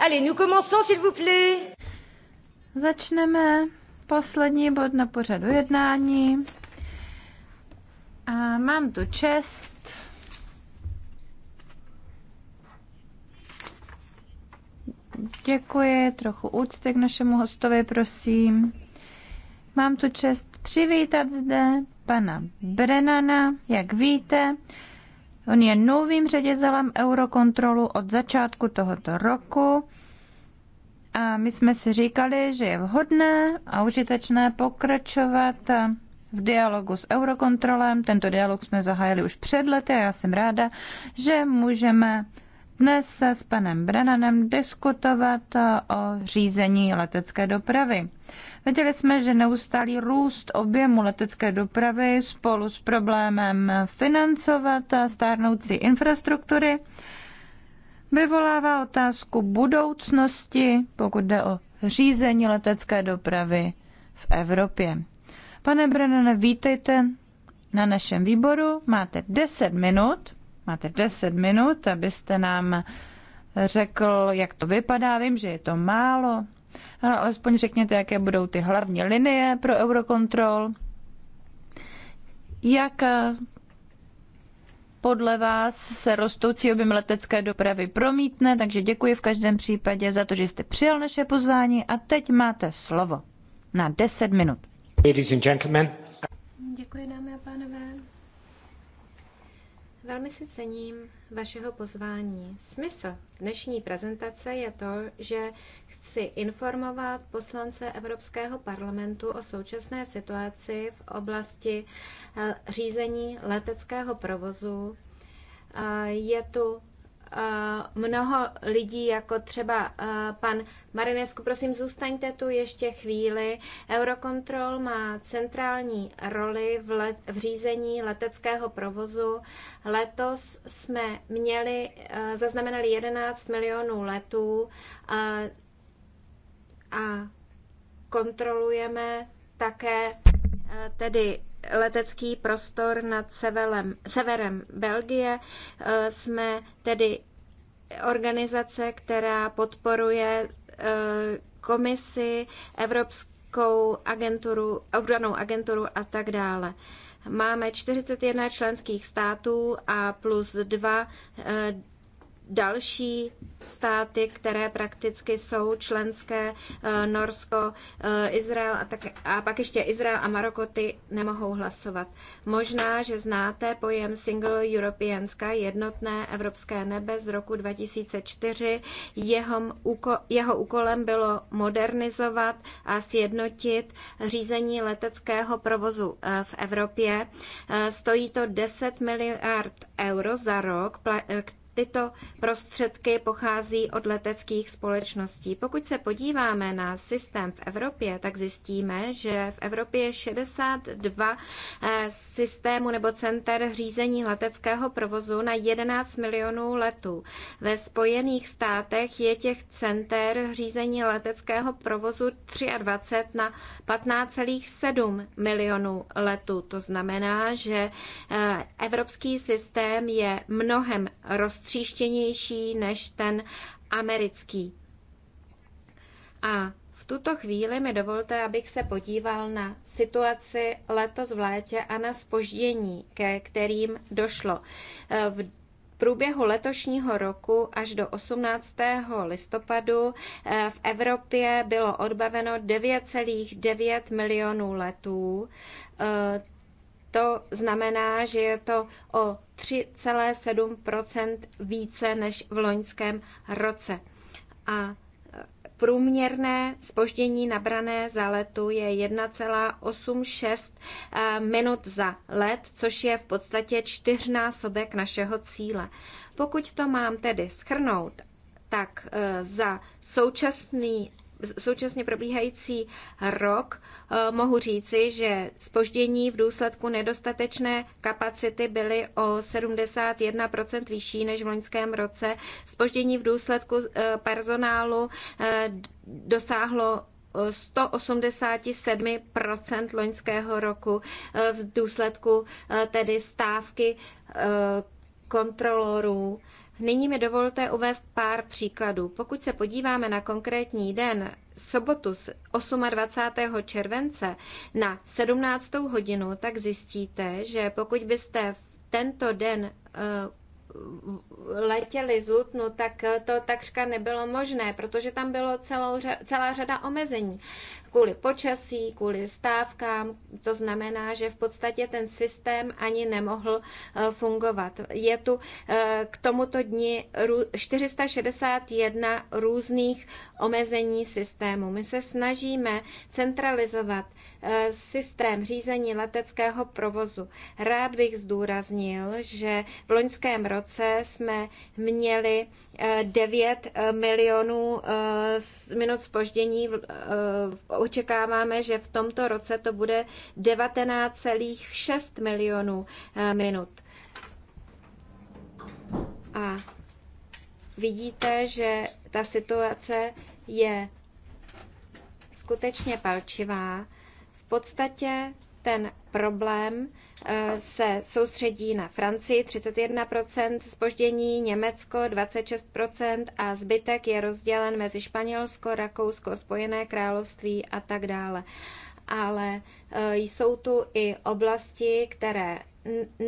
Allez, nous commençons, s'il vous plaît. Začneme poslední bod na pořadu jednání. A mám tu čest Děkuji, trochu úcty k našemu hostovi, prosím. Mám tu čest přivítat zde pana Brenana. jak víte, On je novým ředitelem Eurokontrolu od začátku tohoto roku a my jsme si říkali, že je vhodné a užitečné pokračovat v dialogu s Eurokontrolem. Tento dialog jsme zahájili už před lety a já jsem ráda, že můžeme dnes se s panem Brennanem diskutovat o řízení letecké dopravy. Věděli jsme, že neustálý růst objemu letecké dopravy spolu s problémem financovat stárnoucí infrastruktury vyvolává otázku budoucnosti, pokud jde o řízení letecké dopravy v Evropě. Pane Brennane, vítejte na našem výboru. Máte 10 minut, máte 10 minut, abyste nám řekl, jak to vypadá. Vím, že je to málo, ale alespoň řekněte, jaké budou ty hlavní linie pro Eurocontrol. Jak eh, podle vás se rostoucí objem letecké dopravy promítne, takže děkuji v každém případě za to, že jste přijal naše pozvání a teď máte slovo na 10 minut. Ladies and gentlemen. Děkuji, dámy a pánové. Velmi si cením vašeho pozvání. Smysl dnešní prezentace je to, že si informovat poslance Evropského parlamentu o současné situaci v oblasti eh, řízení leteckého provozu. Je tu eh, mnoho lidí, jako třeba eh, pan Marinesku, prosím, zůstaňte tu ještě chvíli. Eurocontrol má centrální roli v, let, v řízení leteckého provozu. Letos jsme měli, zaznamenali 11 milionů letů a kontrolujeme také eh, tedy letecký prostor nad severem, severem Belgie. Eh, jsme tedy organizace, která podporuje eh, komisi, Evropskou agenturu, obranou agenturu a tak dále. Máme 41 členských států a plus dva další státy, které prakticky jsou členské, eh, Norsko, eh, Izrael a, tak, a pak ještě Izrael a Maroko, ty nemohou hlasovat. Možná, že znáte pojem Single European Sky, jednotné evropské nebe z roku 2004. Jeho, úko, jeho úkolem bylo modernizovat a sjednotit řízení leteckého provozu eh, v Evropě. Stojí to 10 miliard euro za rok, tyto prostředky pochází od leteckých společností. Pokud se podíváme na systém v Evropě, tak zjistíme, že v Evropě je 62 eh, systémů nebo center řízení leteckého provozu na 11 milionů letů. Ve Spojených státech je těch center řízení leteckého provozu 23 na 15,7 milionů letů. To znamená, že eh, evropský systém je mnohem rozstřílený roztříštěnější než ten americký. A v tuto chvíli mi dovolte, abych se podíval na situaci letos v létě a na spoždění, ke kterým došlo. E, v průběhu letošního roku až do 18. listopadu e, v Evropě bylo odbaveno 9,9 milionů letů e, to znamená, že je to o 3,7 více než v loňském roce. A e, průměrné spoždění nabrané za letu je 1,86 e, minut za let, což je v podstatě čtyřnásobek našeho cíle. Pokud to mám tedy schrnout, tak e, za současný současně probíhající rok eh, mohu říci, že spoždění v důsledku nedostatečné kapacity byly o 71% vyšší než v loňském roce. Spoždění v důsledku eh, personálu eh, dosáhlo 187 loňského roku v důsledku tedy stávky kontrolorů. Nyní mi dovolte uvést pár příkladů. Pokud se podíváme na konkrétní den, sobotu z 28. července na 17. hodinu, tak zjistíte, že pokud byste tento den eh, letěli z Lutnu, tak to takřka nebylo možné, protože tam bylo celou, celá řada omezení kvůli počasí, kvůli stávkám. To znamená, že v podstatě ten systém ani nemohl eh, fungovat. Je tu eh, k tomuto dni 461 různých omezení systému. My se snažíme centralizovat eh, systém řízení leteckého provozu. Rád bych zdůraznil, že v loňském roce jsme měli 9 eh, milionů eh, minut spoždění. Eh, očekáváme, že v tomto roce to bude 19,6 milionů minut. A vidíte, že ta situace je skutečně palčivá. V podstatě ten problém eh, se soustředí na Francii 31% spoždění, Německo 26% a zbytek je rozdělen mezi Španělsko, Rakousko, Spojené království a tak dále. Ale eh, jsou tu i oblasti, které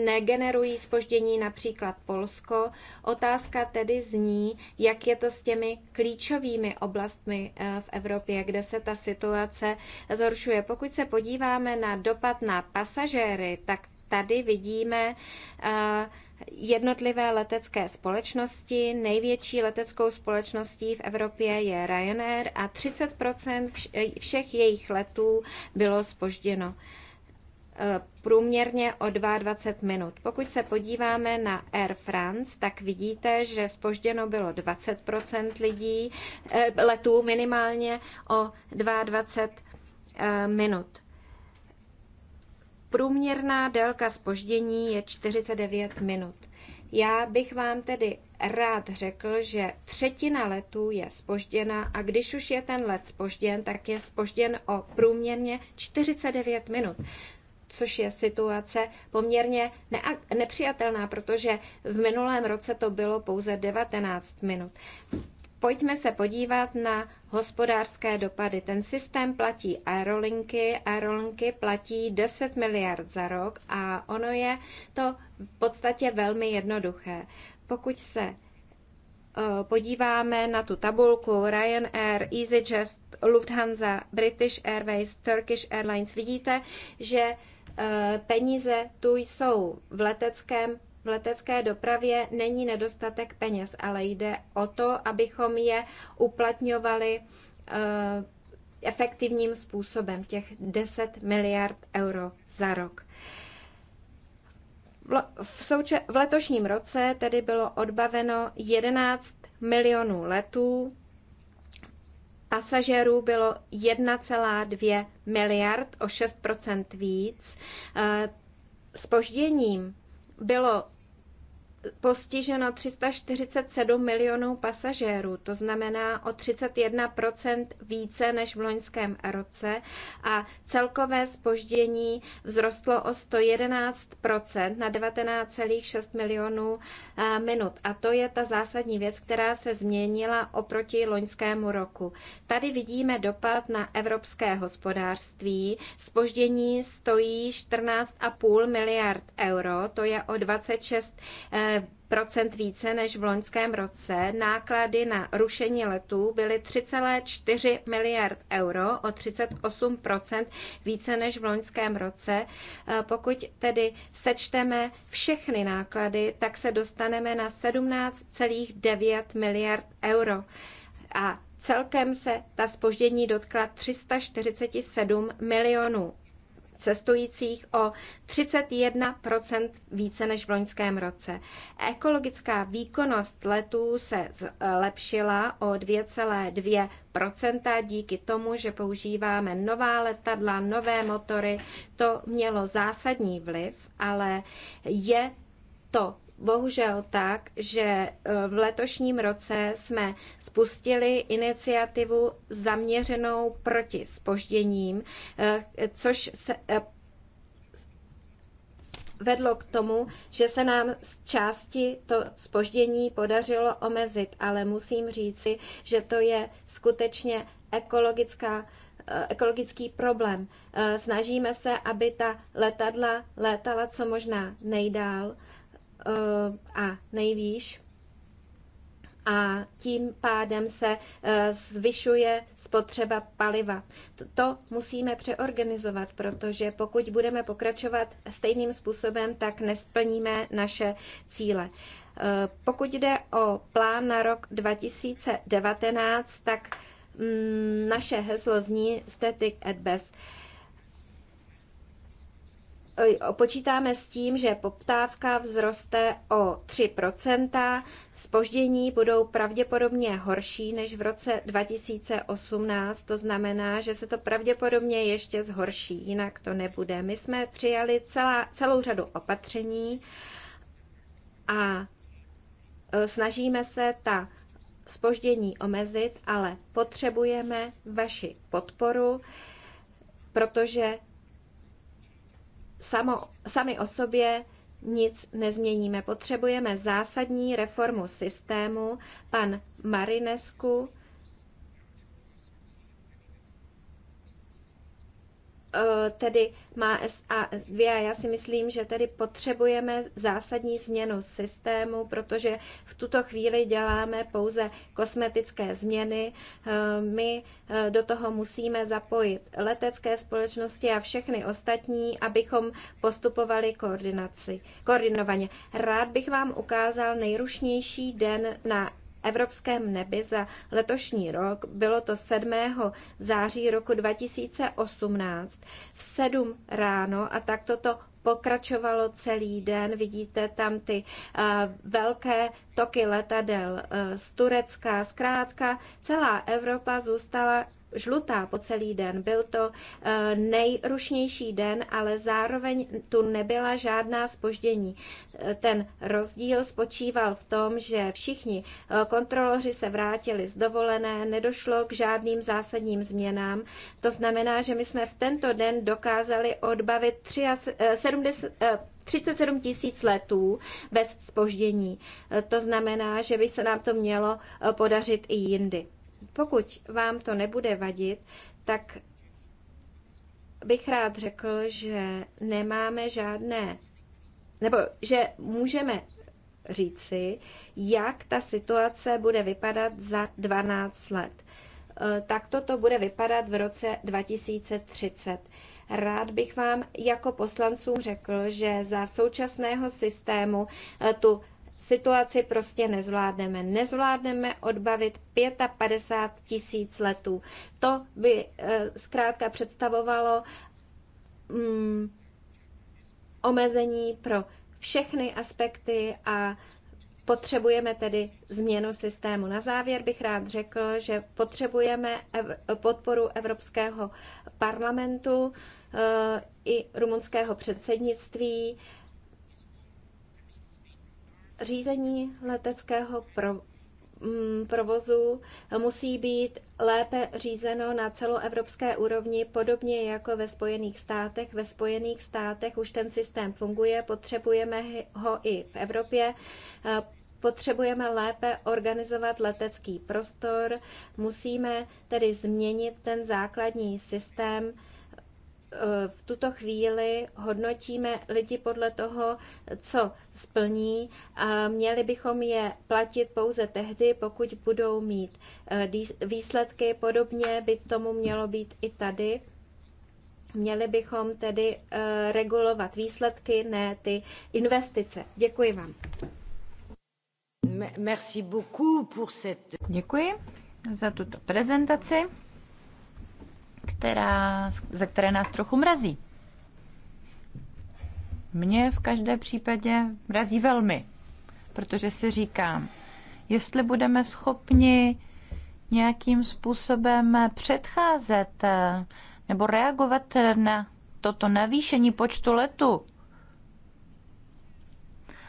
negenerují spoždění například Polsko. Otázka tedy zní, jak je to s těmi klíčovými oblastmi eh, v Evropě, kde se ta situace zhoršuje. Pokud se podíváme na dopad na pasažéry, tak tady vidíme eh, jednotlivé letecké společnosti. Největší leteckou společností v Evropě je Ryanair a 30 eh, všech jejich letů bylo spožděno. Eh, průměrně o 22 minut. Pokud se podíváme na Air France, tak vidíte, že spožděno bylo 20 lidí, eh, letů minimálně o 22 eh, minut. Průměrná délka spoždění je 49 minut. Já bych vám tedy rád řekl, že třetina letů je spožděna a když už je ten let spožděn, tak je spožděn o průměrně 49 minut, což je situace poměrně nepřijatelná, protože v minulém roce to bylo pouze 19 minut. Pojďme se podívat na hospodářské dopady. Ten systém platí aerolinky, aerolinky platí 10 miliard za rok a ono je to v podstatě velmi jednoduché. Pokud se eh, podíváme na tu tabulku Ryanair, EasyJet, Lufthansa, British Airways, Turkish Airlines, vidíte, že Eh, peníze tu jsou v leteckém v letecké dopravě není nedostatek peněz, ale jde o to, abychom je uplatňovali eh, efektivním způsobem, těch 10 miliard euro za rok. V, souče- v letošním roce tedy bylo odbaveno 11 milionů letů, pasažérů bylo 1,2 miliard, o 6 víc. Spožděním eh, bylo postiženo 347 milionů pasažérů, to znamená o 31 více než v loňském roce a celkové spoždění vzrostlo o 111 na 19,6 milionů eh, minut. A to je ta zásadní věc, která se změnila oproti loňskému roku. Tady vidíme dopad na evropské hospodářství. Spoždění stojí 14,5 miliard euro, to je o 26 procent více než v loňském roce. Náklady na rušení letů byly 3,4 miliard euro, o 38 více než v loňském roce. Eh, pokud tedy sečteme všechny náklady, tak se dostaneme na 17,9 miliard euro. A Celkem se ta spoždění dotkla 347 milionů cestujících o 31 více než v loňském roce. Ekologická výkonnost letů se zlepšila o 2,2 procenta díky tomu, že používáme nová letadla, nové motory. To mělo zásadní vliv, ale je to bohužel tak, že eh, v letošním roce jsme spustili iniciativu zaměřenou proti spožděním, eh, což se eh, vedlo k tomu, že se nám z části to spoždění podařilo omezit, ale musím říci, že to je skutečně ekologická ekologický problém. Snažíme se, aby ta letadla létala co možná nejdál Eh, a nejvýš a tím pádem se eh, zvyšuje spotřeba paliva. To musíme přeorganizovat, protože pokud budeme pokračovat stejným způsobem, tak nesplníme naše cíle. Eh, pokud jde o plán na rok 2019, tak mm, naše heslo zní Static at Best počítáme s tím, že poptávka vzroste o 3 spoždění budou pravděpodobně horší než v roce 2018, to znamená, že se to pravděpodobně ještě zhorší, jinak to nebude. My jsme přijali celá, celou řadu opatření a e, snažíme se ta spoždění omezit, ale potřebujeme vaši podporu, protože samo, sami o sobě nic nezměníme. Potřebujeme zásadní reformu systému. Pan Marinesku Eh, tedy má SAS2 a já si myslím, že tedy potřebujeme zásadní změnu systému, protože v tuto chvíli děláme pouze kosmetické změny. Eh, my eh, do toho musíme zapojit letecké společnosti a všechny ostatní, abychom postupovali koordinaci, koordinovaně. Rád bych vám ukázal nejrušnější den na evropském nebi za letošní rok. Bylo to 7. září roku 2018 v 7 ráno a tak toto pokračovalo celý den. Vidíte tam ty eh, velké toky letadel eh, z Turecka. Zkrátka celá Evropa zůstala žlutá po celý den. Byl to eh, nejrušnější den, ale zároveň tu nebyla žádná spoždění. Eh, ten rozdíl spočíval v tom, že všichni eh, kontroloři se vrátili z dovolené, nedošlo k žádným zásadním změnám. To znamená, že my jsme v tento den dokázali odbavit 73, 37 tisíc letů bez spoždění. To znamená, že by se nám to mělo podařit i jindy. Pokud vám to nebude vadit, tak bych rád řekl, že nemáme žádné, nebo že můžeme říci, jak ta situace bude vypadat za 12 let. E, takto to bude vypadat v roce 2030. Rád bych vám jako poslancům řekl, že za současného systému e, tu situaci prostě nezvládneme. Nezvládneme odbavit 55 tisíc letů. To by eh, zkrátka představovalo mm, omezení pro všechny aspekty a Potřebujeme tedy změnu systému. Na závěr bych rád řekl, že potřebujeme podporu Evropského parlamentu eh, i rumunského předsednictví řízení leteckého mm, provozu musí být lépe řízeno na celoevropské úrovni, podobně jako ve Spojených státech. Ve Spojených státech už ten systém funguje, potřebujeme ho i v Evropě. Eh, potřebujeme lépe organizovat letecký prostor, musíme tedy změnit ten základní systém v tuto chvíli hodnotíme lidi podle toho, co splní a měli bychom je platit pouze tehdy, pokud budou mít e, výsledky. Podobně by tomu mělo být i tady. Měli bychom tedy e, regulovat výsledky, ne ty investice. Děkuji vám. Merci beaucoup pour cette... Děkuji za tuto prezentaci která, ze které nás trochu mrazí. Mě v každém případě mrazí velmi, protože si říkám, jestli budeme schopni nějakým způsobem předcházet eh, nebo reagovat na toto navýšení počtu letu.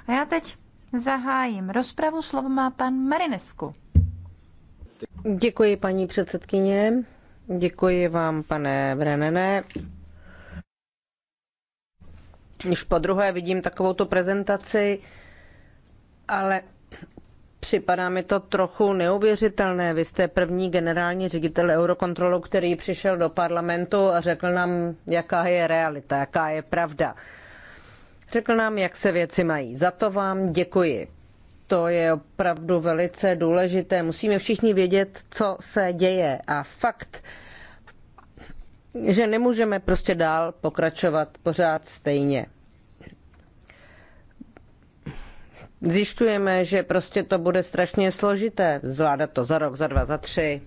A já teď zahájím rozpravu. Slovo má pan Marinesku. Děkuji, paní předsedkyně. Děkuji vám, pane Brenene. Už po druhé vidím takovou tu prezentaci, ale připadá mi to trochu neuvěřitelné. Vy jste první generální ředitel Eurokontrolu, který přišel do parlamentu a řekl nám, jaká je realita, jaká je pravda. Řekl nám, jak se věci mají. Za to vám děkuji. To je opravdu velice důležité. Musíme všichni vědět, co se děje. A fakt, že nemůžeme prostě dál pokračovat pořád stejně. Zjišťujeme, že prostě to bude strašně složité zvládat to za rok, za dva, za tři.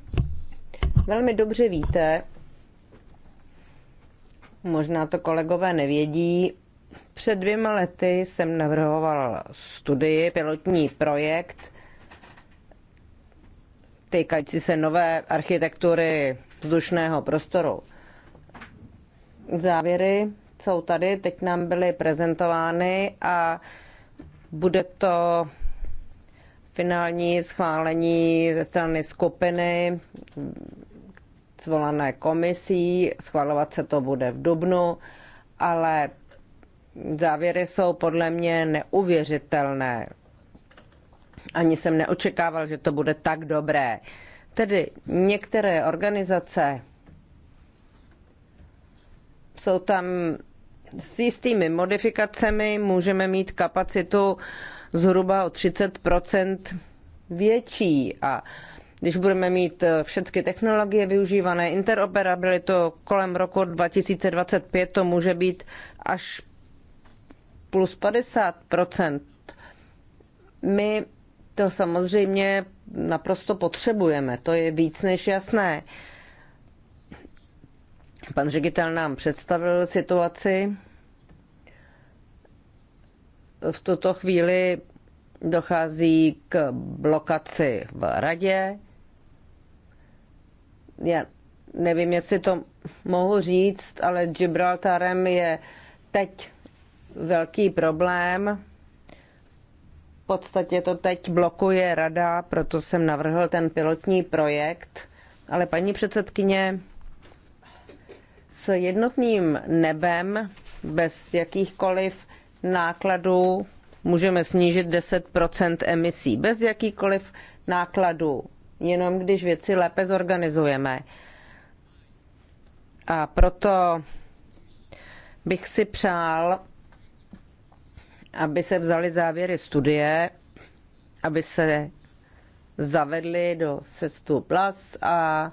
Velmi dobře víte, možná to kolegové nevědí, před dvěma lety jsem navrhoval studii, pilotní projekt týkající se nové architektury vzdušného prostoru. Závěry jsou tady, teď nám byly prezentovány a bude to finální schválení ze strany skupiny zvolané komisí. Schvalovat se to bude v dubnu, ale závěry jsou podle mě neuvěřitelné. Ani jsem neočekával, že to bude tak dobré. Tedy některé organizace jsou tam s jistými modifikacemi, můžeme mít kapacitu zhruba o 30 větší a když budeme mít eh, všechny technologie využívané, interoperabilitu kolem roku 2025, to může být až plus 50 My to samozřejmě naprosto potřebujeme, to je víc než jasné. Pan ředitel nám představil situaci. V tuto chvíli dochází k blokaci v radě. Já nevím, jestli to mohu říct, ale Gibraltarem je teď velký problém. V podstatě to teď blokuje rada, proto jsem navrhl ten pilotní projekt. Ale paní předsedkyně, s jednotným nebem bez jakýchkoliv nákladů můžeme snížit 10 emisí bez jakýchkoliv nákladů, jenom když věci lépe zorganizujeme. A proto bych si přál, aby se vzali závěry studie, aby se zavedli do sestu plus a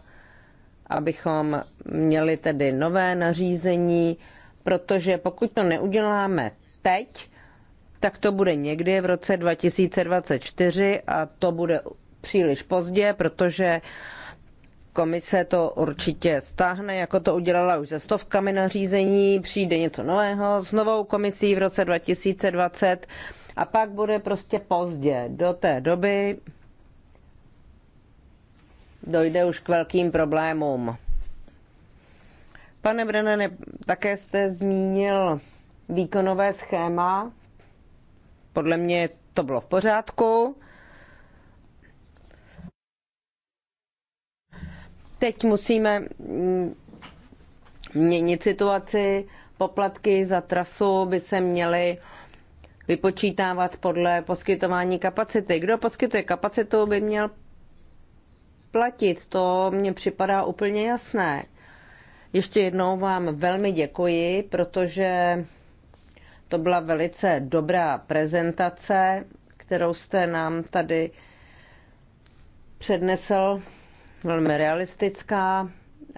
abychom měli tedy nové nařízení, protože pokud to neuděláme teď, tak to bude někdy v roce 2024 a to bude příliš pozdě, protože komise to určitě stáhne, jako to udělala už se stovkami nařízení, přijde něco nového s novou komisí v roce 2020 a pak bude prostě pozdě. Do té doby dojde už k velkým problémům. Pane Brenene, také jste zmínil výkonové schéma. Podle mě to bylo v pořádku. Teď musíme mm, měnit situaci. Poplatky za trasu by se měly vypočítávat podle poskytování kapacity. Kdo poskytuje kapacitu, by měl platit. To mně připadá úplně jasné. Ještě jednou vám velmi děkuji, protože to byla velice dobrá prezentace, kterou jste nám tady přednesl, velmi realistická.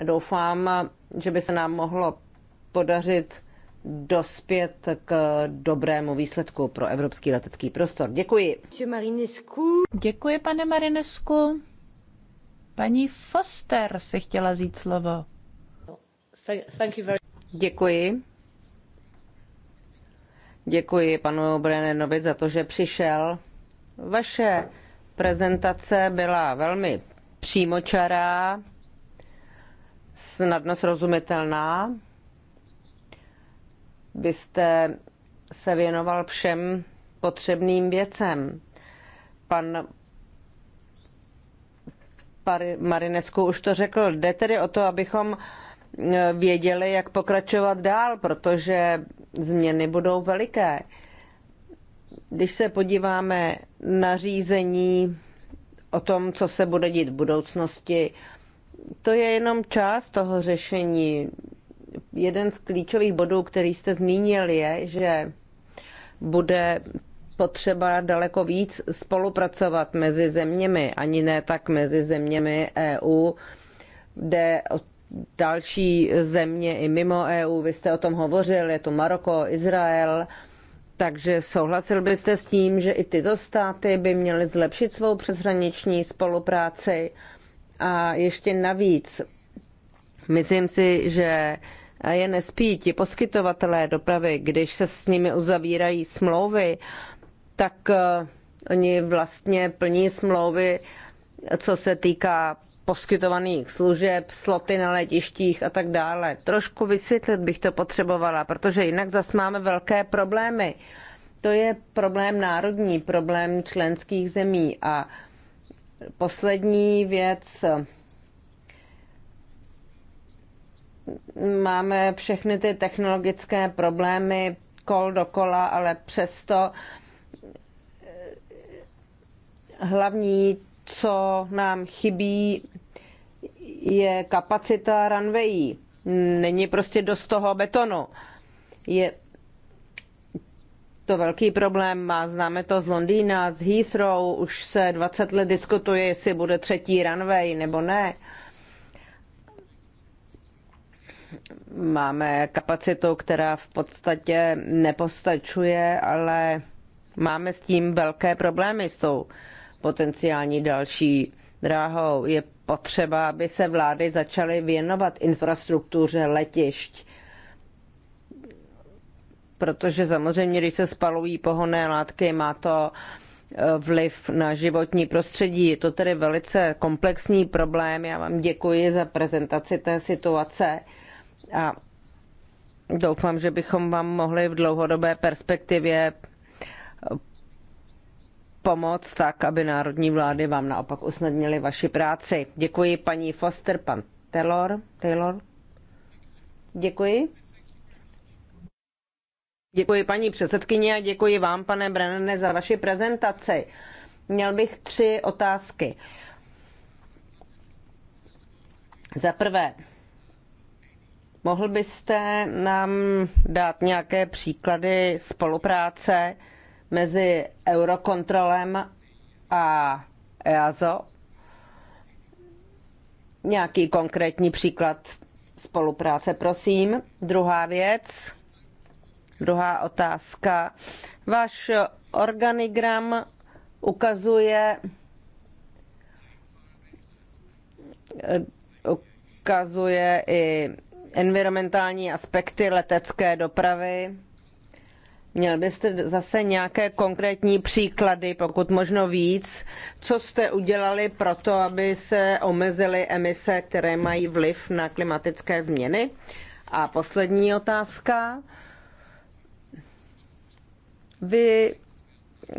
Doufám, že by se nám mohlo podařit dospět k dobrému výsledku pro evropský letecký prostor. Děkuji. Děkuji, pane Marinesku. Paní Foster si chtěla říct slovo. Děkuji. Děkuji panu Brennanovi za to, že přišel. Vaše prezentace byla velmi přímočará, snadno srozumitelná. Vy jste se věnoval všem potřebným věcem. Pan Marinesku už to řekl. Jde tedy o to, abychom e, věděli, jak pokračovat dál, protože změny budou veliké. Když se podíváme na řízení o tom, co se bude dít v budoucnosti, to je jenom část toho řešení. Jeden z klíčových bodů, který jste zmínil, je, že bude potřeba daleko víc spolupracovat mezi zeměmi, ani ne tak mezi zeměmi EU, kde další země i mimo EU, vy jste o tom hovořil, je to Maroko, Izrael, takže souhlasil byste s tím, že i tyto státy by měly zlepšit svou přeshraniční spolupráci a ještě navíc. Myslím si, že je nespí ti poskytovatelé dopravy, když se s nimi uzavírají smlouvy, tak eh, oni vlastně plní smlouvy, co se týká poskytovaných služeb, sloty na letištích a tak dále. Trošku vysvětlit bych to potřebovala, protože jinak zas máme velké problémy. To je problém národní, problém členských zemí. A poslední věc, máme všechny ty technologické problémy kol dokola, ale přesto Hlavní, co nám chybí, je kapacita runwayí. Není prostě dost toho betonu. Je to velký problém a známe to z Londýna, z Heathrow, už se 20 let diskutuje, jestli bude třetí runway nebo ne. Máme kapacitu, která v podstatě nepostačuje, ale máme s tím velké problémy s tou potenciální další dráhou. Je potřeba, aby se vlády začaly věnovat infrastruktuře letišť. Protože samozřejmě, když se spalují pohonné látky, má to eh, vliv na životní prostředí. Je to tedy velice komplexní problém. Já vám děkuji za prezentaci té situace a doufám, že bychom vám mohli v dlouhodobé perspektivě pomoc, tak aby národní vlády vám naopak usnadnily vaši práci. Děkuji paní Foster, pan Taylor. Taylor. Děkuji. Děkuji paní předsedkyně a děkuji vám, pane Brennane, za vaši prezentaci. Měl bych tři otázky. Za prvé, mohl byste nám dát nějaké příklady spolupráce mezi Eurokontrolem a EASO. Nějaký konkrétní příklad spolupráce, prosím. Druhá věc, druhá otázka. Váš organigram ukazuje ukazuje i environmentální aspekty letecké dopravy. Měl byste zase nějaké konkrétní příklady, pokud možno víc, co jste udělali pro to, aby se omezily emise, které mají vliv na klimatické změny? A poslední otázka. Vy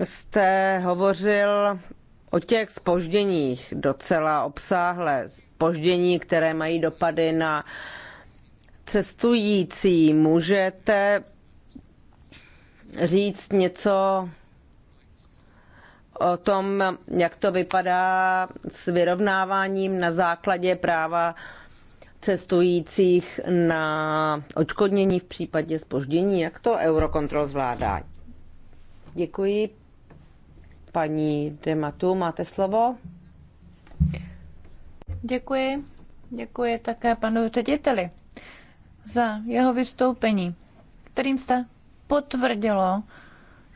jste hovořil o těch spožděních docela obsáhle, spoždění, které mají dopady na cestující. Můžete říct něco o tom, jak to vypadá s vyrovnáváním na základě práva cestujících na očkodnění v případě spoždění. Jak to Eurocontrol zvládá? Děkuji. Paní Dematu, máte slovo? Děkuji. Děkuji také panu řediteli za jeho vystoupení, kterým se potvrdilo,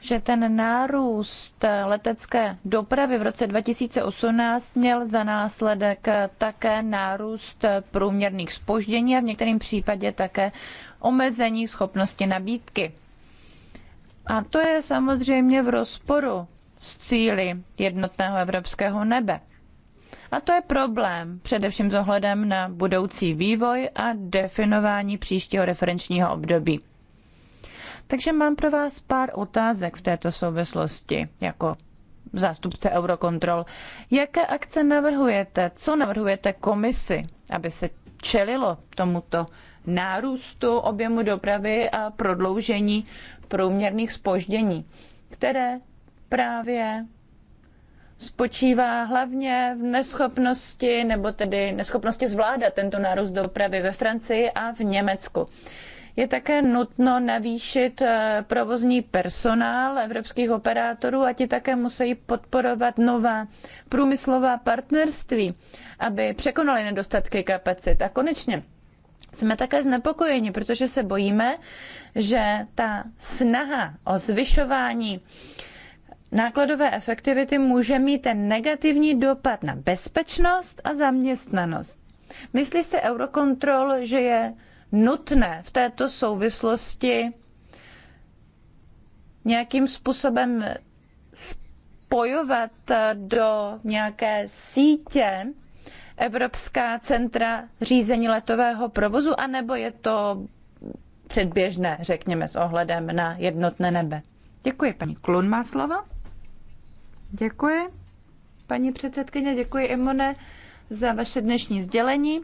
že ten nárůst letecké dopravy v roce 2018 měl za následek také nárůst průměrných spoždění a v některém případě také omezení schopnosti nabídky. A to je samozřejmě v rozporu s cíly jednotného evropského nebe. A to je problém, především s ohledem na budoucí vývoj a definování příštího referenčního období. Takže mám pro vás pár otázek v této souvislosti jako zástupce Eurokontrol. Jaké akce navrhujete? Co navrhujete komisi, aby se čelilo tomuto nárůstu objemu dopravy a prodloužení průměrných spoždění, které právě spočívá hlavně v neschopnosti, nebo tedy neschopnosti zvládat tento nárůst dopravy ve Francii a v Německu. Je také nutno navýšit eh, provozní personál evropských operátorů a ti také musí podporovat nová průmyslová partnerství, aby překonali nedostatky kapacit. A konečně jsme také znepokojeni, protože se bojíme, že ta snaha o zvyšování nákladové efektivity může mít ten negativní dopad na bezpečnost a zaměstnanost. Myslí si Eurokontrol, že je nutné v této souvislosti nějakým způsobem spojovat do nějaké sítě Evropská centra řízení letového provozu, anebo je to předběžné, řekněme, s ohledem na jednotné nebe? Děkuji. Paní Klun má slovo. Děkuji. Paní předsedkyně, děkuji Imone za vaše dnešní sdělení.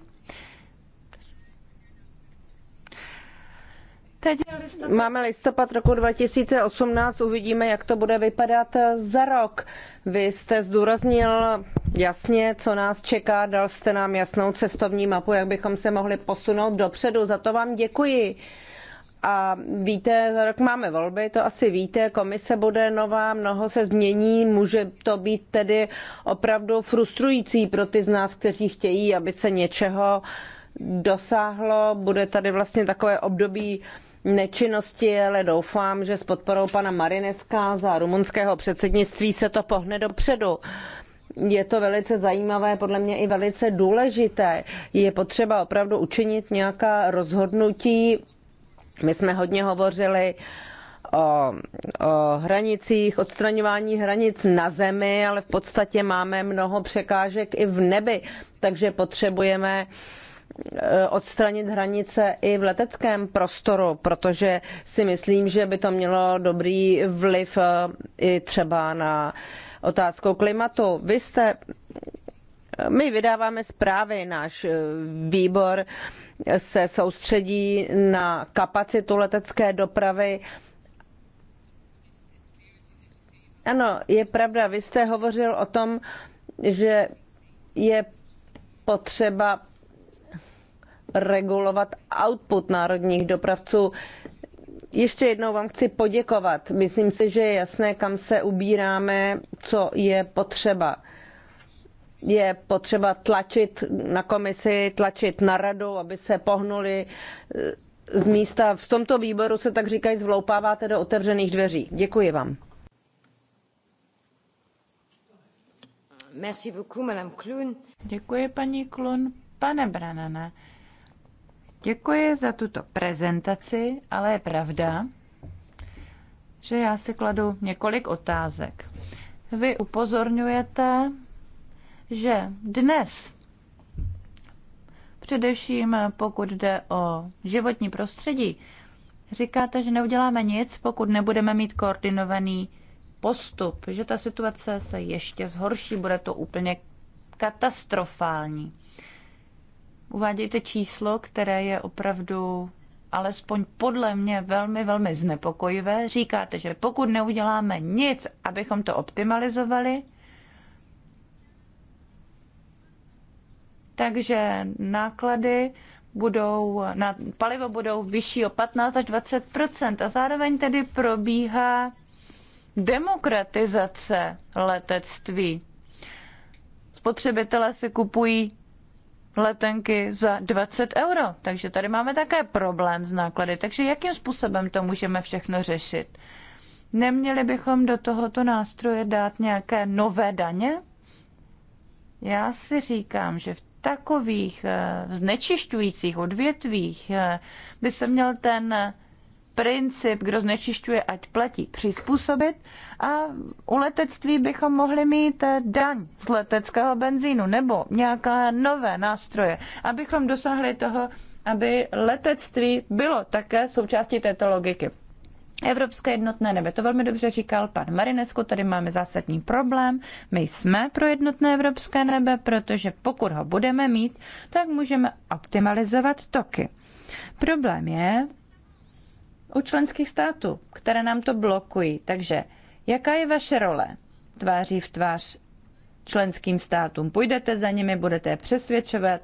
Teď listopad. Máme listopad roku 2018, uvidíme, jak to bude vypadat za rok. Vy jste zdůraznil jasně, co nás čeká, dal jste nám jasnou cestovní mapu, jak bychom se mohli posunout dopředu. Za to vám děkuji. A víte, za rok máme volby, to asi víte, komise bude nová, mnoho se změní, může to být tedy opravdu frustrující pro ty z nás, kteří chtějí, aby se něčeho dosáhlo. Bude tady vlastně takové období nečinnosti, ale doufám, že s podporou pana Marineska za rumunského předsednictví se to pohne dopředu. Je to velice zajímavé, podle mě i velice důležité. Je potřeba opravdu učinit nějaká rozhodnutí. My jsme hodně hovořili o, o hranicích, odstraňování hranic na zemi, ale v podstatě máme mnoho překážek i v nebi, takže potřebujeme uh, Eh, odstranit hranice i v leteckém prostoru, protože si myslím, že by to mělo dobrý vliv eh, i třeba na otázku klimatu. Vy jste, eh, my vydáváme zprávy, náš výbor se soustředí na kapacitu letecké dopravy. Ano, je pravda, vy jste hovořil o tom, že je potřeba regulovat output národních dopravců. Ještě jednou vám chci poděkovat. Myslím si, že je jasné, kam se ubíráme, co je potřeba. Je potřeba tlačit na komisi, tlačit na radu, aby se pohnuli eh, z místa. V tomto výboru se tak říkají zvloupáváte do otevřených dveří. Děkuji vám. Merci beaucoup, Madame Klun. Děkuji, paní Klun. Pane Branane, Děkuji za tuto prezentaci, ale je pravda, že já si kladu několik otázek. Vy upozorňujete, že dnes, především pokud jde o životní prostředí, říkáte, že neuděláme nic, pokud nebudeme mít koordinovaný postup, že ta situace se ještě zhorší, bude to úplně katastrofální. Uvádějte číslo, které je opravdu alespoň podle mě velmi, velmi znepokojivé. Říkáte, že pokud neuděláme nic, abychom to optimalizovali, takže náklady budou, na palivo budou vyšší o 15 až 20 a zároveň tedy probíhá demokratizace letectví. Spotřebitelé si kupují letenky za 20 euro. Takže tady máme také problém s náklady. Takže jakým způsobem to můžeme všechno řešit? Neměli bychom do tohoto nástroje dát nějaké nové daně? Já si říkám, že v takových eh, znečišťujících odvětvích eh, by se měl ten princip, kdo znečišťuje, ať platí, přizpůsobit a u letectví bychom mohli mít eh, daň z leteckého benzínu nebo nějaká nové nástroje, abychom dosáhli toho, aby letectví bylo také součástí této logiky. Evropské jednotné nebe, to velmi dobře říkal pan Marinesku, tady máme zásadní problém. My jsme pro jednotné evropské nebe, protože pokud ho budeme mít, tak můžeme optimalizovat toky. Problém je, u členských států, které nám to blokují. Takže jaká je vaše role tváří v tvář členským státům? Půjdete za nimi, budete je přesvědčovat,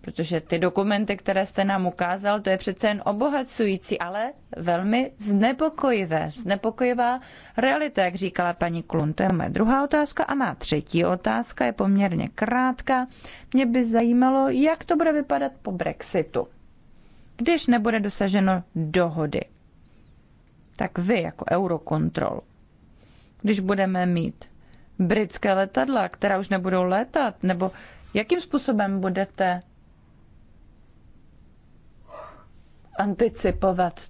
protože ty dokumenty, které jste nám ukázal, to je přece jen obohacující, ale velmi znepokojivé. Znepokojivá realita, jak říkala paní Klun. To je moje druhá otázka a má třetí otázka, je poměrně krátká. Mě by zajímalo, jak to bude vypadat po Brexitu když nebude dosaženo dohody, tak vy jako Eurokontrol, když budeme mít britské letadla, která už nebudou létat, nebo jakým způsobem budete anticipovat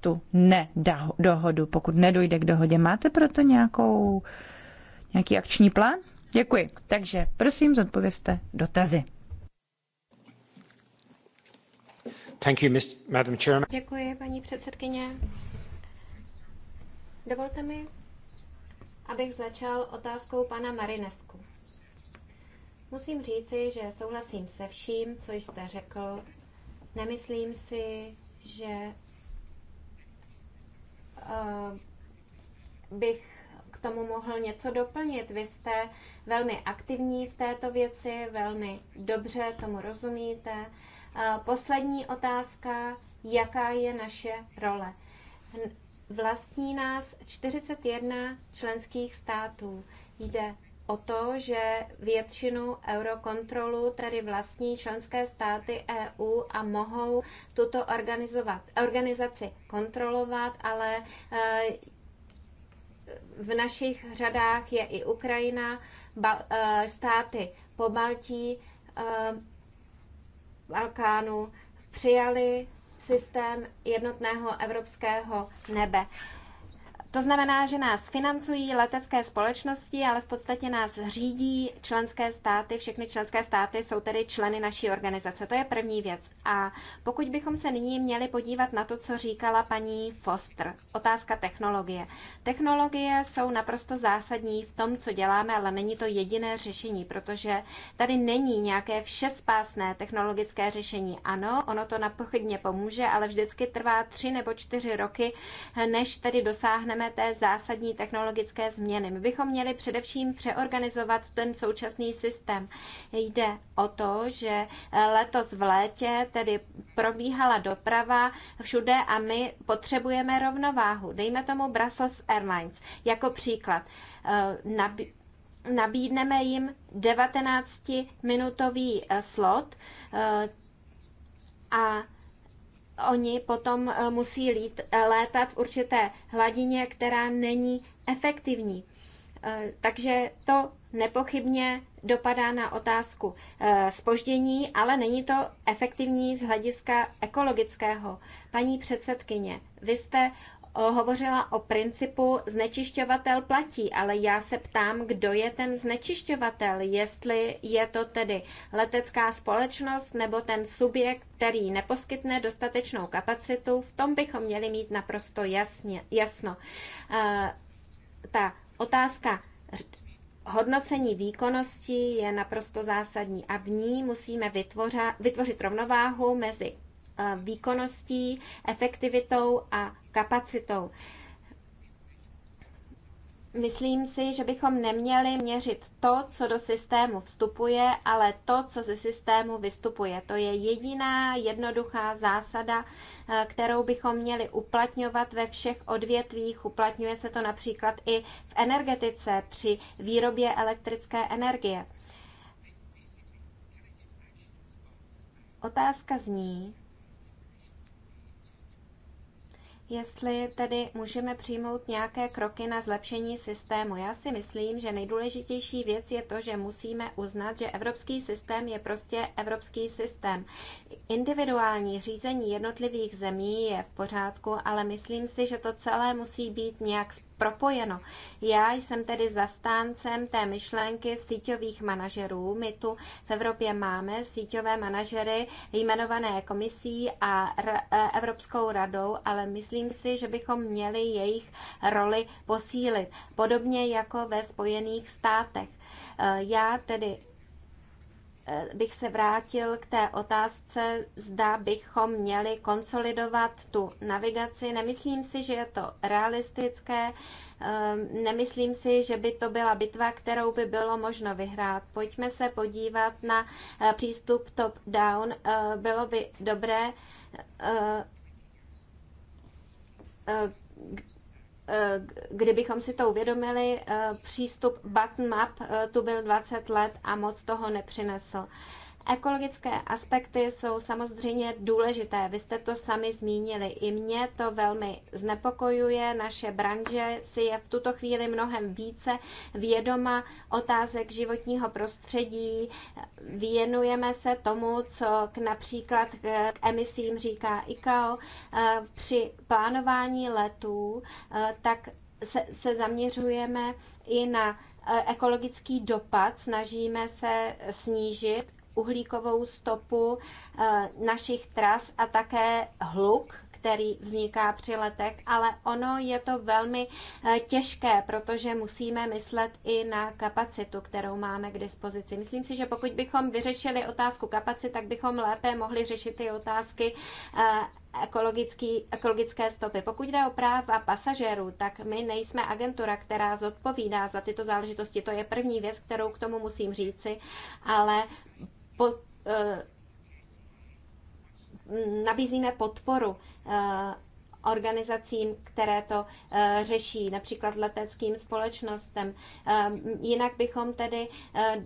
tu nedohodu, pokud nedojde k dohodě. Máte proto nějakou, nějaký akční plán? Děkuji. Takže prosím, zodpověste dotazy. Děkuji, paní předsedkyně. Dovolte mi, abych začal otázkou pana Marinesku. Musím říci, že souhlasím se vším, co jste řekl. Nemyslím si, že uh, bych k tomu mohl něco doplnit. Vy jste velmi aktivní v této věci, velmi dobře tomu rozumíte. Uh, poslední otázka, jaká je naše role. Vlastní nás 41 členských států. Jde o to, že většinu eurokontrolu tedy vlastní členské státy EU a mohou tuto organizovat, organizaci kontrolovat, ale e, v našich řadách je i Ukrajina, e, státy po Baltí, e, z Balkánu přijali systém jednotného evropského nebe. To znamená, že nás financují letecké společnosti, ale v podstatě nás řídí členské státy. Všechny členské státy jsou tedy členy naší organizace. To je první věc. A pokud bychom se nyní měli podívat na to, co říkala paní Foster, otázka technologie. Technologie jsou naprosto zásadní v tom, co děláme, ale není to jediné řešení, protože tady není nějaké všespásné technologické řešení. Ano, ono to napochybně pomůže, ale vždycky trvá tři nebo čtyři roky, než tedy dosáhneme dosáhneme té zásadní technologické změny. My bychom měli především přeorganizovat ten současný systém. Jde o to, že eh, letos v létě tedy probíhala doprava všude a my potřebujeme rovnováhu. Dejme tomu Brussels Airlines jako příklad. Eh, nabídneme jim 19-minutový eh, slot a oni potom eh, musí lít, eh, létat v určité hladině, která není efektivní. Eh, takže to nepochybně dopadá na otázku spoždění, ale není to efektivní z hlediska ekologického. Paní předsedkyně, vy jste hovořila o principu znečišťovatel platí, ale já se ptám, kdo je ten znečišťovatel, jestli je to tedy letecká společnost nebo ten subjekt, který neposkytne dostatečnou kapacitu, v tom bychom měli mít naprosto jasně, jasno. E, ta otázka hodnocení výkonnosti je naprosto zásadní a v ní musíme vytvořit rovnováhu mezi e, výkonností, efektivitou a kapacitou. Myslím si, že bychom neměli měřit to, co do systému vstupuje, ale to, co ze systému vystupuje. To je jediná jednoduchá zásada, eh, kterou bychom měli uplatňovat ve všech odvětvích. Uplatňuje se to například i v energetice při výrobě elektrické energie. Otázka zní, jestli tedy můžeme přijmout nějaké kroky na zlepšení systému. Já si myslím, že nejdůležitější věc je to, že musíme uznat, že evropský systém je prostě evropský systém individuální řízení jednotlivých zemí je v pořádku, ale myslím si, že to celé musí být nějak propojeno. Já jsem tedy zastáncem té myšlenky síťových manažerů. My tu v Evropě máme síťové manažery jmenované komisí a e, Evropskou radou, ale myslím si, že bychom měli jejich roli posílit, podobně jako ve Spojených státech. E, já tedy Eh, bych se vrátil k té otázce, zda bychom měli konsolidovat tu navigaci. Nemyslím si, že je to realistické, ehm, nemyslím si, že by to byla bitva, kterou by bylo možno vyhrát. Pojďme se podívat na eh, přístup top-down. Eh, bylo by dobré Eh, kdybychom si to uvědomili, eh, přístup button map eh, tu byl 20 let a moc toho nepřinesl. Ekologické aspekty jsou samozřejmě důležité. Vy jste to sami zmínili. I mě to velmi znepokojuje. Naše branže si je v tuto chvíli mnohem více vědoma otázek životního prostředí. Věnujeme se tomu, co k například k emisím říká ICAO. Eh, při plánování letů eh, tak se, se zaměřujeme i na eh, ekologický dopad, snažíme se snížit uhlíkovou stopu eh, našich tras a také hluk, který vzniká při letech, ale ono je to velmi eh, těžké, protože musíme myslet i na kapacitu, kterou máme k dispozici. Myslím si, že pokud bychom vyřešili otázku kapacit, tak bychom lépe mohli řešit i otázky eh, ekologický, ekologické stopy. Pokud jde o práva pasažérů, tak my nejsme agentura, která zodpovídá za tyto záležitosti. To je první věc, kterou k tomu musím říci, ale po, eh, nabízíme podporu eh, organizacím, které to eh, řeší, například leteckým společnostem. Jinak bychom tedy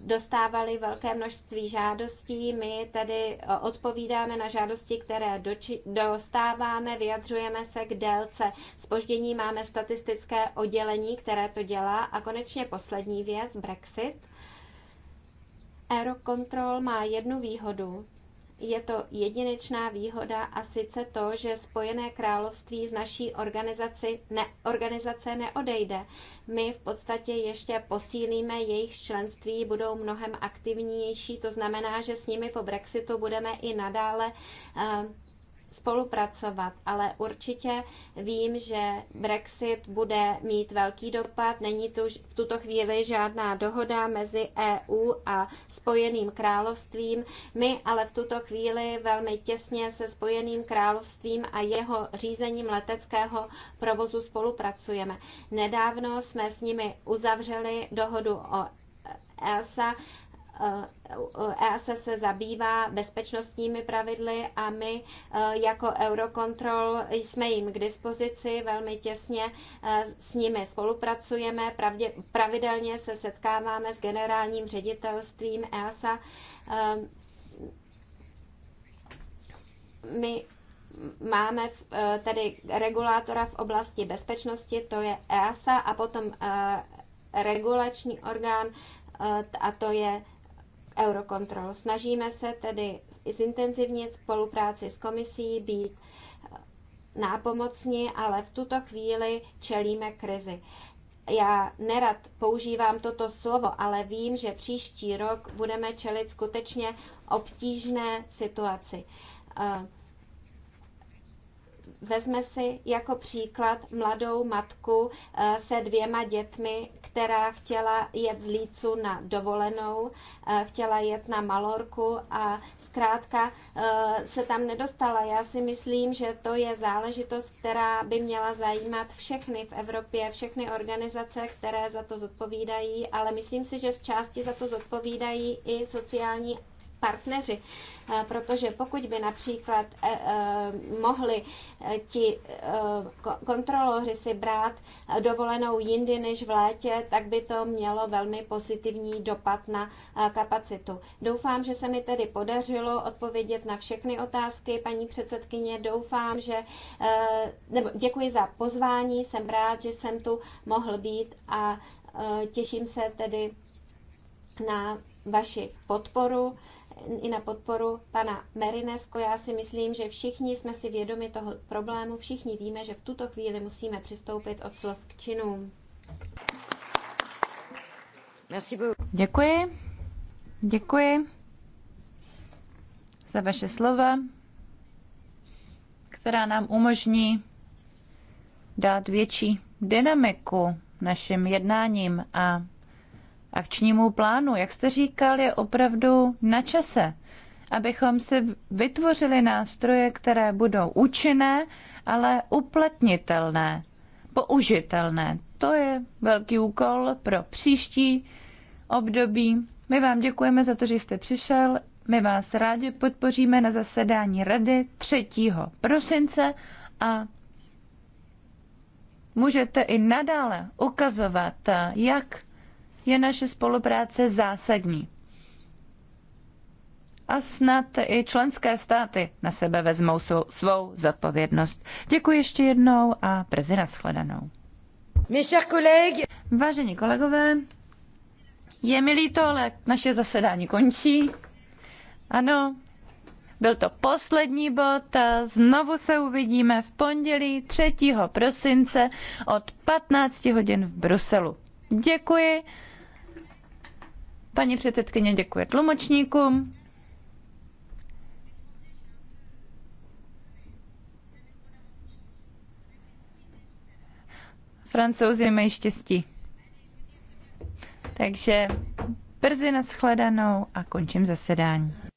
dostávali velké množství žádostí, my tedy odpovídáme na žádosti, které dostáváme, vyjadřujeme se k délce spoždění, máme statistické oddělení, které to dělá a konečně poslední věc, Brexit. Aerocontrol má jednu výhodu. Je to jedinečná výhoda a sice to, že Spojené království z naší organizaci, ne, organizace neodejde. My v podstatě ještě posílíme jejich členství, budou mnohem aktivnější, to znamená, že s nimi po Brexitu budeme i nadále uh, spolupracovat, ale určitě vím, že Brexit bude mít velký dopad. Není tu v tuto chvíli žádná dohoda mezi EU a Spojeným královstvím. My ale v tuto chvíli velmi těsně se Spojeným královstvím a jeho řízením leteckého provozu spolupracujeme. Nedávno jsme s nimi uzavřeli dohodu o ESA. EASA eh, eh, e se zabývá bezpečnostními pravidly a my eh, jako Eurocontrol jsme jim k dispozici, velmi těsně s nimi spolupracujeme, pravdě, pravidelně se setkáváme s generálním ředitelstvím EASA. My máme tedy regulátora v oblasti bezpečnosti, to je EASA, a potom regulační orgán, a to je Eurocontrol. Snažíme se tedy zintenzivnit spolupráci s komisí, být eh, nápomocní, ale v tuto chvíli čelíme krizi. Já nerad používám toto slovo, ale vím, že příští rok budeme čelit skutečně obtížné situaci. Eh, Vezme si jako příklad mladou matku eh, se dvěma dětmi, která chtěla jet z Lícu na dovolenou, eh, chtěla jet na Malorku a zkrátka eh, se tam nedostala. Já si myslím, že to je záležitost, která by měla zajímat všechny v Evropě, všechny organizace, které za to zodpovídají, ale myslím si, že z části za to zodpovídají i sociální partneři, eh, protože pokud by například eh, eh, mohli ti kontroloři si brát dovolenou jindy než v létě, tak by to mělo velmi pozitivní dopad na kapacitu. Doufám, že se mi tedy podařilo odpovědět na všechny otázky, paní předsedkyně. Doufám, že nebo děkuji za pozvání, jsem rád, že jsem tu mohl být a těším se tedy na vaši podporu i na podporu pana Merinesko. Já si myslím, že všichni jsme si vědomi toho problému, všichni víme, že v tuto chvíli musíme přistoupit od slov k činům. Děkuji. Děkuji za vaše slova, která nám umožní dát větší dynamiku našim jednáním a akčnímu plánu. Jak jste říkal, je opravdu na čase, abychom si vytvořili nástroje, které budou účinné, ale uplatnitelné, použitelné. To je velký úkol pro příští období. My vám děkujeme za to, že jste přišel. My vás rádi podpoříme na zasedání Rady 3. prosince a můžete i nadále ukazovat, jak je naše spolupráce zásadní. A snad i členské státy na sebe vezmou svou, svou zodpovědnost. Děkuji ještě jednou a brzy nashledanou. Vážení kolegové, je mi líto, ale naše zasedání končí. Ano, byl to poslední bod. Znovu se uvidíme v pondělí 3. prosince od 15 hodin v Bruselu. Děkuji. Paní předsedkyně děkuje tlumočníkům. Francouzi mají štěstí. Takže brzy nashledanou a končím zasedání.